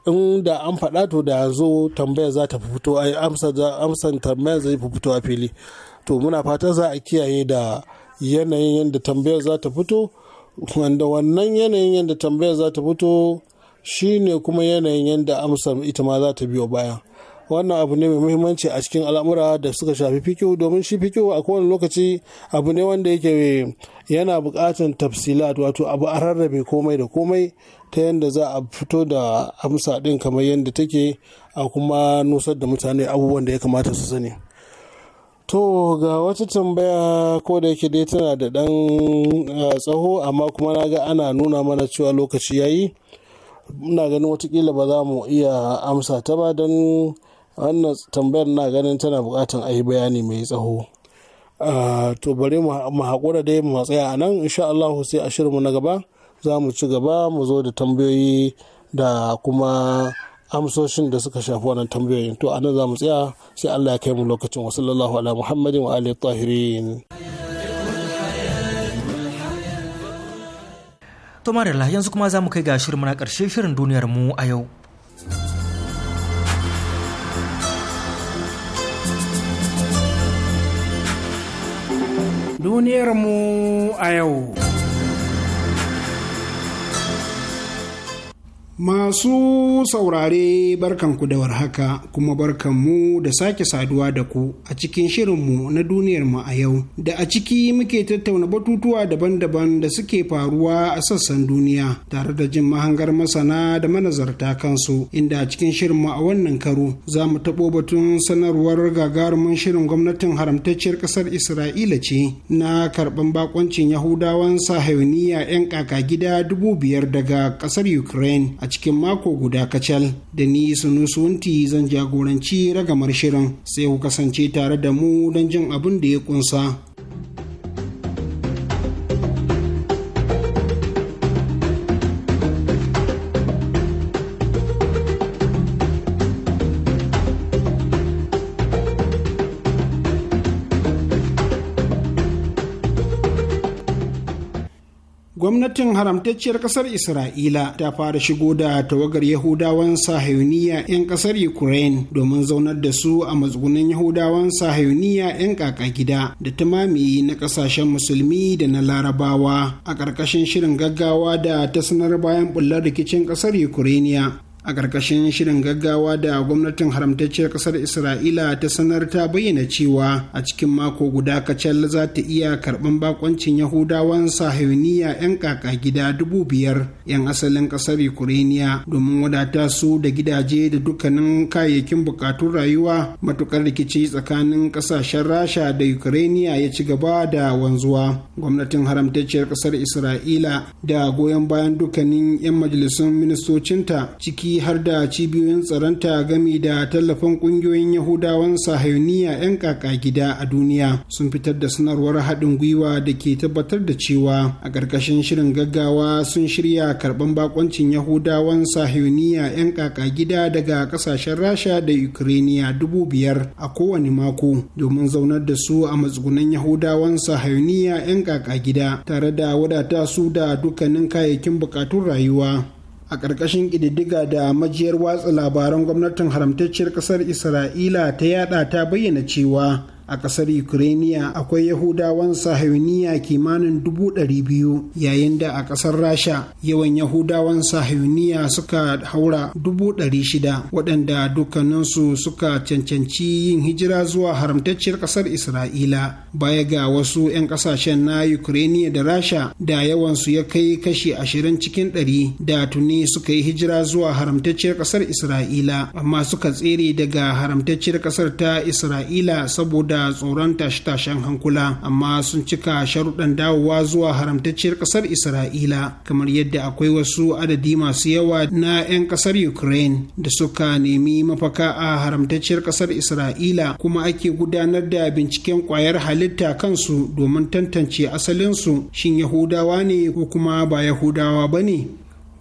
in da an faɗa to da yanzu tambayar za ta fito ai amsan tambayar zai fito a fili to muna fata za a kiyaye da yanayin yadda tambayar za ta fito wanda wannan yanayin yadda tambayar za ta fito shine kuma yanayin yadda amsar ita ma za ta biyo baya wannan abu ne mai muhimmanci a cikin al'amura da suka shafi fiƙo domin shi fiƙo a kowane lokaci abu ne wanda yake yana buƙatar tafsilat wato abu a rarrabe komai da komai ta yadda za a fito da amsa ɗin kamar yadda take a kuma nusar da mutane abubuwan da ya kamata su sani to ga wata tambaya ko da yake dai tana da ɗan eh, tsaho amma kuma na ga ana nuna mana cewa lokaci yayi ina ganin watakila ba za mu iya amsa ta ba don wannan tambayar na ganin tana bukatan a yi bayani mai tsaho to bari mu haƙura dai mu tsaya a nan insha Allah sai a shirin mu na gaba za mu ci gaba mu zo da tambayoyi da kuma amsoshin da suka shafi wannan tambayoyin to a nan za mu tsaya sai Allah ya kai mu lokacin wa sallallahu ala muhammadin wa alihi tahirin to yanzu kuma za mu kai ga shirin na karshe shirin duniyar mu a yau duniyarmu a yau. Masu saurare barkanku da warhaka kuma barkanmu da sake saduwa da ku a cikin shirinmu na duniyar mu a yau da a ciki muke tattauna batutuwa daban-daban da suke faruwa a sassan duniya tare da jin mahangar masana da manazarta kansu inda a cikin shirinmu a wannan karo za mu taɓo batun sanarwar gagarumin shirin gwamnatin haramtacciyar ƙasar Isra'ila ce na karɓan bakoncin Yahudawan Sahayuniya 'yan kaka gida dubu biyar daga ƙasar Ukraine a cikin mako guda kacal da ni sunusunti zan jagoranci ragamar shirin sai ku kasance tare da mu don jin abin da ya kunsa. gwamnatin haramtacciyar kasar isra'ila ta fara shigo da tawagar yahudawan sahayuniya 'yan kasar ukraine domin zaunar da su a matsugunan yahudawan sahayuniya 'yan kaka gida da ta mamaye na kasashen musulmi da na larabawa a ƙarƙashin shirin gaggawa da ta sanar bayan bullar rikicin kasar ukraine a ƙarƙashin shirin gaggawa da gwamnatin haramtacciyar ƙasar isra'ila ta sanar ta bayyana cewa a cikin mako guda kacal za ta iya karɓan bakoncin yahudawan sahiyoniya 'yan kaka gida dubu biyar 'yan asalin ƙasar ukrainiya domin wadata su da gidaje da dukkanin kayayyakin buƙatun rayuwa matuƙar rikici tsakanin ƙasashen rasha da ukrainiya ya ci gaba da wanzuwa gwamnatin haramtacciyar ƙasar isra'ila da goyon bayan dukkanin 'yan majalisun ministocinta ciki har da cibiyoyin tsaronta gami da tallafin kungiyoyin yahudawan sahayoniya 'yan kaka gida a duniya sun fitar da sanarwar haɗin gwiwa da ke tabbatar da cewa a ƙarƙashin shirin gaggawa sun shirya karɓan bakoncin yahudawan sahayoniya 'yan kaka gida daga ƙasashen rasha da ukrainiya dubu biyar a kowane mako domin zaunar da su a matsugunan yahudawan sahayoniya 'yan kaka gida tare da wadata su da dukkanin kayayyakin buƙatun rayuwa a ƙarƙashin ƙididdiga da majiyar watsa labaran gwamnatin haramtacciyar ƙasar isra'ila ta yada ta bayyana cewa a ƙasar ukrainiya akwai Yahudawan sahayuniya kimanin dubu ɗari biyu yayin da a ƙasar Rasha yawan Yahudawan sahayuniya suka haura dubu ɗari shida waɗanda dukkaninsu suka cancanci yin hijira zuwa haramtacciyar ƙasar Isra'ila baya ga wasu 'yan ƙasashen na Ukraina da Rasha da yawansu ya kai kashi ashirin cikin ɗari da tuni suka yi hijira zuwa haramtacciyar ƙasar Isra'ila amma suka tsere daga haramtacciyar ƙasar ta Isra'ila saboda da tsoron tashe-tashen hankula amma sun cika sharuɗan dawowa zuwa haramtacciyar ƙasar isra'ila kamar yadda akwai wasu adadi masu yawa na 'yan ƙasar ukraine da suka nemi mafaka a haramtacciyar ƙasar isra'ila kuma ake gudanar da binciken ƙwayar halitta kansu domin tantance asalinsu shin yahudawa ne ko kuma ba yahudawa ba ne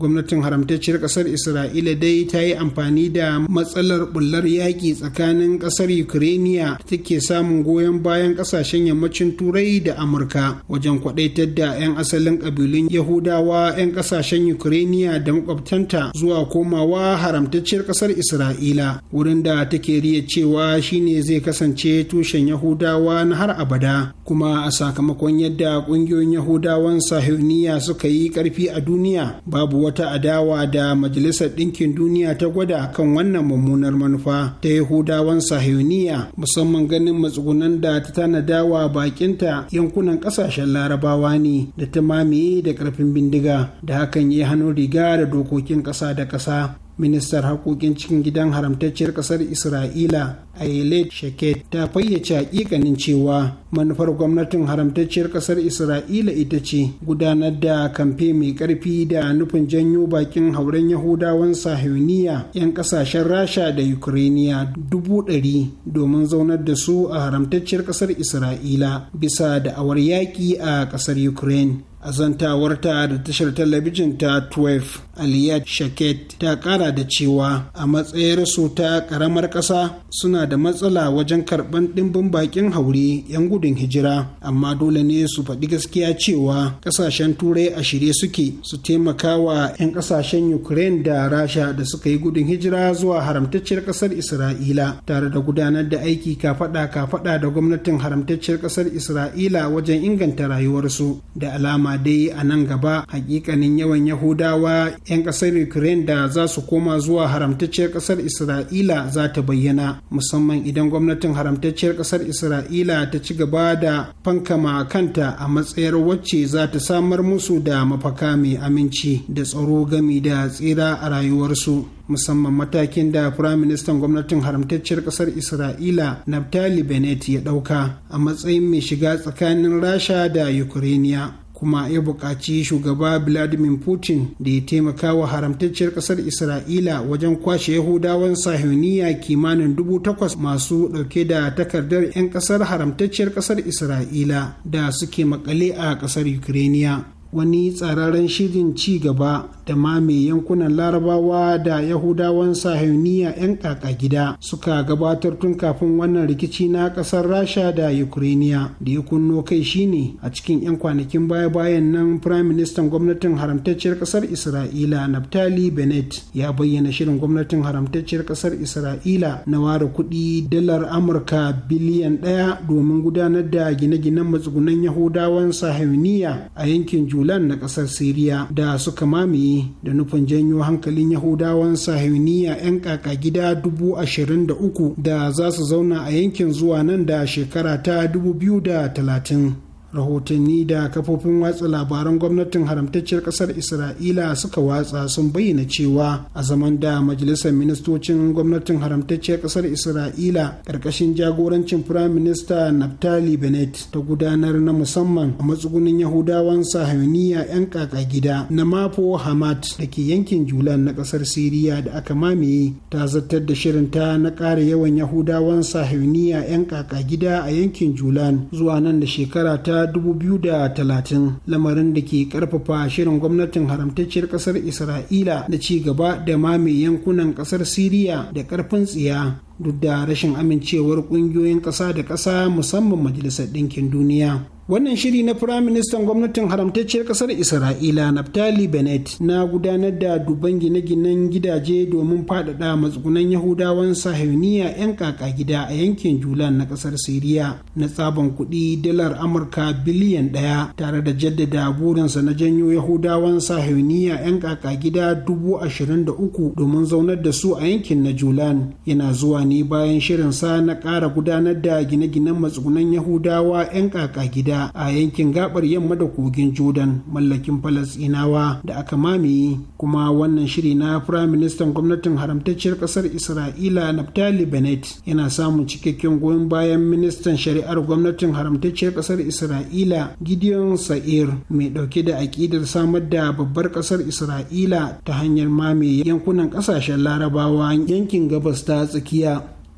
gwamnatin haramtacciyar kasar isra'ila dai ta yi amfani da matsalar bullar yaƙi tsakanin kasar ukraniya ke samun goyon bayan kasashen yammacin turai da amurka wajen kwadaitar da 'yan asalin ƙabilun yahudawa 'yan kasashen ukraniya da makwabtanta zuwa komawa haramtacciyar kasar isra'ila wurin da ta ke riya cewa shine zai kasance tushen yahudawa na har abada kuma a sakamakon yadda ƙungiyoyin yahudawan sahiyoniya suka yi ƙarfi a duniya babu wata adawa da majalisar ɗinkin duniya ta gwada kan wannan mummunar manufa ta yahudawan sahiyoniya musamman ganin matsugunan da ta tanadawa bakinta yankunan ƙasashen larabawa ne da ta mamaye da ƙarfin bindiga da hakan ya hannu riga da dokokin ƙasa da ƙasa ministar haƙoƙin cikin gidan haramtacciyar Kasar isra'ila ayelet sheket ta fayyace hakikanin cewa manufar gwamnatin haramtacciyar kasar isra'ila ita ce gudanar da kamfe mai ƙarfi da nufin janyo bakin hauren yahudawan sahiyoniya 'yan ƙasashen rasha da ukrainiya dubu ɗari domin zaunar da su a haramtacciyar ƙasar isra'ila bisa da awar yaƙi a ƙasar ukraine a zantawarta da tashar talabijin ta 12 aliyat shaket ta kara da cewa a matsayar su ta karamar kasa suna da matsala wajen karban dimbin bakin haure 'yan gudun hijira amma dole ne su faɗi gaskiya cewa kasashen turai a shirye suke su taimaka wa 'yan kasashen ukraine da rasha da suka yi gudun hijira zuwa haramtacciyar kasar isra'ila tare da gudanar da aiki kafaɗa kafaɗa da gwamnatin haramtacciyar kasar isra'ila wajen inganta rayuwarsu da alama dai a nan gaba hakikanin yawan yahudawa 'yan kasar ukraine da za su koma zuwa haramtacciyar kasar isra'ila za ta bayyana musamman idan gwamnatin haramtacciyar kasar isra'ila ta ci gaba da fankama kanta a matsayar wacce za ta samar musu da mafaka mai aminci da tsaro gami da tsira a rayuwarsu musamman matakin da firaministan gwamnatin haramtacciyar kasar isra'ila naftali bennett ya ɗauka a matsayin mai shiga tsakanin rasha da ukrainiya kuma ya buƙaci shugaba vladimir putin da ya taimaka wa haramtacciyar ƙasar isra'ila wajen kwashe yahudawan sahiniya kimanin dubu takwas masu ɗauke da takardar 'yan ƙasar haramtacciyar ƙasar isra'ila da suke makale a ƙasar ukrainiya wani tsararren shirin ci gaba da mame yankunan larabawa da yahudawan sahiyoniya 'yan kaka gida suka gabatar tun kafin wannan rikici na kasar rasha da ukrainiya da ya kunno kai shine a cikin 'yan kwanakin baya-bayan nan prime ministan gwamnatin haramtacciyar kasar isra'ila naftali bennett ya bayyana shirin gwamnatin haramtacciyar kasar isra'ila na ware kuɗi dalar amurka biliyan ɗaya domin gudanar da gine-ginen matsugunan yahudawan sahiyoniya a yankin julan na ƙasar siriya da suka mamaye da nufin janyo hankalin yahudawan sahiniya 'yan kaka gida dubu ashirin da uku da za su zauna a yankin zuwa nan da shekara ta dubu biyu da talatin rahotanni da kafofin watsa labaran gwamnatin haramtacciyar kasar isra'ila suka watsa sun bayyana cewa a zaman da majalisar ministocin gwamnatin haramtacciyar kasar isra'ila ƙarƙashin jagorancin firayim minista naftali bennett ta gudanar na musamman a matsugunin yahudawan sahayoniya 'yan kaka gida na mafo hamad da ke yankin julan na kasar siriya da aka mamaye ta zartar da shirinta na ƙara yawan yahudawan sahayoniya 'yan kaka gida a yankin julan zuwa nan da shekara ta 2030 lamarin da ke karfafa shirin gwamnatin haramtacciyar kasar isra'ila da ci gaba da mame yankunan kasar siriya da karfin tsiya duk da rashin amincewar kungiyoyin ƙasa da ƙasa musamman majalisar ɗinkin duniya wannan shiri na firaministan gwamnatin haramtacciyar kasar isra'ila naftali bennett na gudanar da duban gine-ginen gidaje domin faɗaɗa matsugunan yahudawan sahiyoniya 'yan kaka gida a yankin julan na kasar siriya na tsaban kuɗi dalar amurka biliyan ɗaya tare da jaddada burinsa na janyo yahudawan sahiyoniya 'yan kaka gida dubu ashirin da uku domin zaunar da su a yankin na julan yana zuwa ne bayan shirin sa na ƙara gudanar da gine-ginen matsugunan yahudawa 'yan kaka gida a yankin gabar yamma da kogin jordan mallakin falasinawa da aka mamaye kuma wannan shiri na firayim ministan gwamnatin haramtacciyar ƙasar isra'ila naftali bennett yana samun cikakken goyon bayan ministan shari'ar gwamnatin haramtacciyar ƙasar isra'ila gideon sa'ir mai ɗauke da aƙidar samar da babbar ƙasar isra'ila ta hanyar mamaye yankunan ƙasashen larabawa yankin gabas ta tsakiya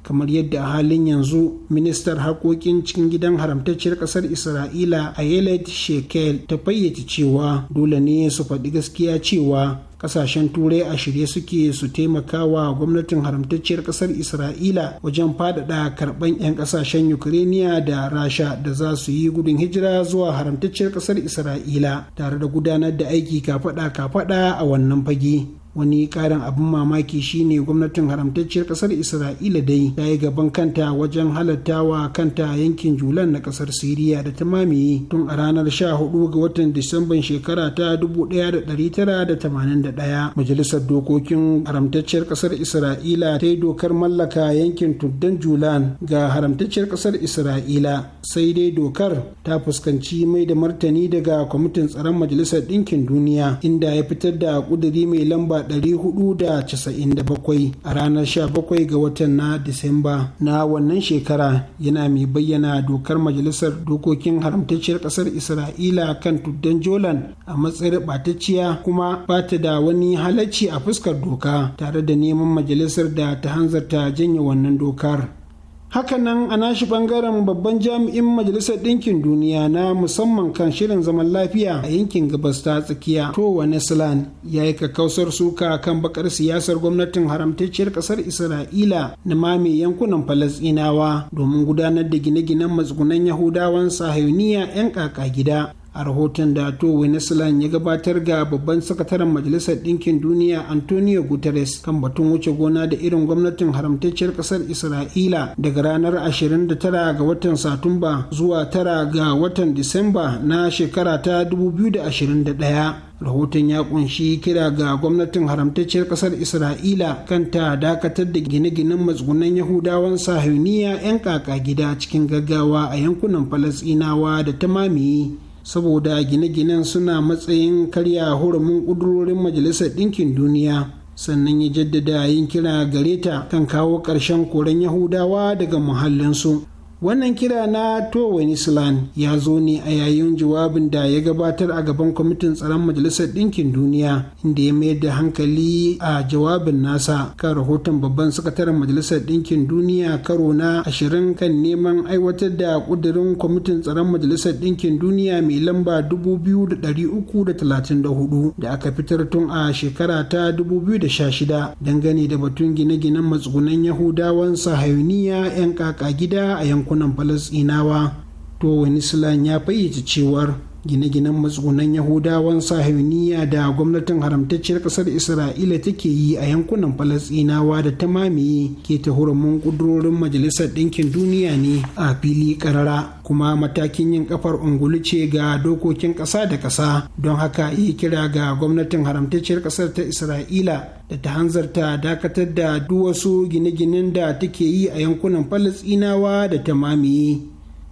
kamar yadda a halin yanzu ministar harkokin cikin gidan haramtacciyar kasar isra'ila a yelet shekel ta fayyace cewa dole ne su faɗi gaskiya cewa ƙasashen turai a shirye suke su taimaka wa gwamnatin haramtacciyar kasar isra'ila wajen faɗaɗa karɓan 'yan ƙasashen ukraniya da rasha da za su yi gudun hijira zuwa haramtacciyar kasar isra'ila tare da gudanar da aiki kafaɗa kafaɗa a wannan fage wani karin abin mamaki shine gwamnatin haramtacciyar kasar isra'ila dai ta yi gaban kanta wajen halattawa kanta yankin julan na kasar siriya da ta mamaye tun a ranar 14 ga watan disamban shekara ta 1981 majalisar dokokin haramtacciyar kasar isra'ila ta yi dokar mallaka yankin tuddan julan ga haramtacciyar kasar isra'ila sai dai dokar ta fuskanci mai da martani daga kwamitin tsaron majalisar ɗinkin duniya inda ya fitar da ƙuduri mai lamba 497 a ranar 17 ga watan na Disamba na wannan shekara yana mai bayyana dokar Majalisar Dokokin Haramtacciyar Ƙasar Isra'ila kan tuddan Jolan a matsayin ɓatacciya kuma ba ta da wani halacci a fuskar doka tare da neman majalisar da ta hanzarta janye wannan dokar. hakanan a nashi bangaren babban jami'in majalisar ɗinkin duniya na musamman kan shirin zaman lafiya a yankin gabas ta tsakiya towa neslan ya yi kakkausar suka kan bakar siyasar gwamnatin haramtacciyar kasar isra'ila na mame yankunan falasɗinawa domin gudanar da gine-ginen matsugunan yahudawan sahayuniya 'yan kaka gida a rahoton da to Venezuelan ya gabatar ga babban sakataren majalisar ɗinkin duniya Antonio Guterres kan batun wuce gona da irin gwamnatin haramtacciyar ƙasar Isra'ila daga ranar 29 ga watan Satumba zuwa 9 ga watan Disamba na shekara ta 2021. rahoton ya kunshi kira ga gwamnatin haramtacciyar kasar isra'ila kan ta dakatar da gine-ginen matsugunan yahudawan sahiniya 'yan kaka gida cikin gaggawa a yankunan falasinawa da ta mamiye saboda gine-ginen suna matsayin karya hurumin ƙudurorin majalisar ɗinkin duniya sannan ya jaddada yin kira gare ta kan kawo ƙarshen koren yahudawa daga muhallinsu wannan kira na Towenisland ya zo ne a yayin jawabin da ya gabatar a gaban kwamitin tsaron majalisar ɗinkin duniya inda ya mayar da hankali a jawabin nasa kan rahoton babban sakataren majalisar ɗinkin duniya karo na ashirin kan neman aiwatar da ƙudurin kwamitin tsaron majalisar ɗinkin duniya mai lamba 2334 da aka fitar tun a shekara ta 2016 dangane da batun gine-ginen matsugunan yahudawan sahayuniya 'yan kaka gida a yankunan yankunan falasinawa to wenislan ya fayyace cewar gine-ginen matsugunan yahudawan sahiyoniya da gwamnatin haramtacciyar ƙasar isra'ila take yi a yankunan falasinawa da ta mamaye ke ta hurumin ƙudurorin majalisar ɗinkin duniya ne a fili karara kuma matakin yin kafar ungulu ce ga dokokin ƙasa da ƙasa don haka yi kira ga gwamnatin haramtacciyar ƙasar ta isra'ila da ta hanzarta dakatar da duk wasu gine-ginen da take yi a yankunan falasinawa da ta mamaye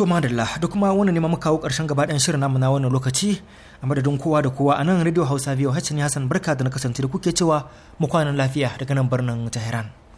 To madalla da kuma wannan ne muka kawo ƙarshen gaba ɗayan shirin namu na wannan lokaci a madadin kowa da kowa a nan Radio Hausa biyu Hacin Hassan barka da na kasance da kuke cewa mu kwanan lafiya daga nan birnin Tehran.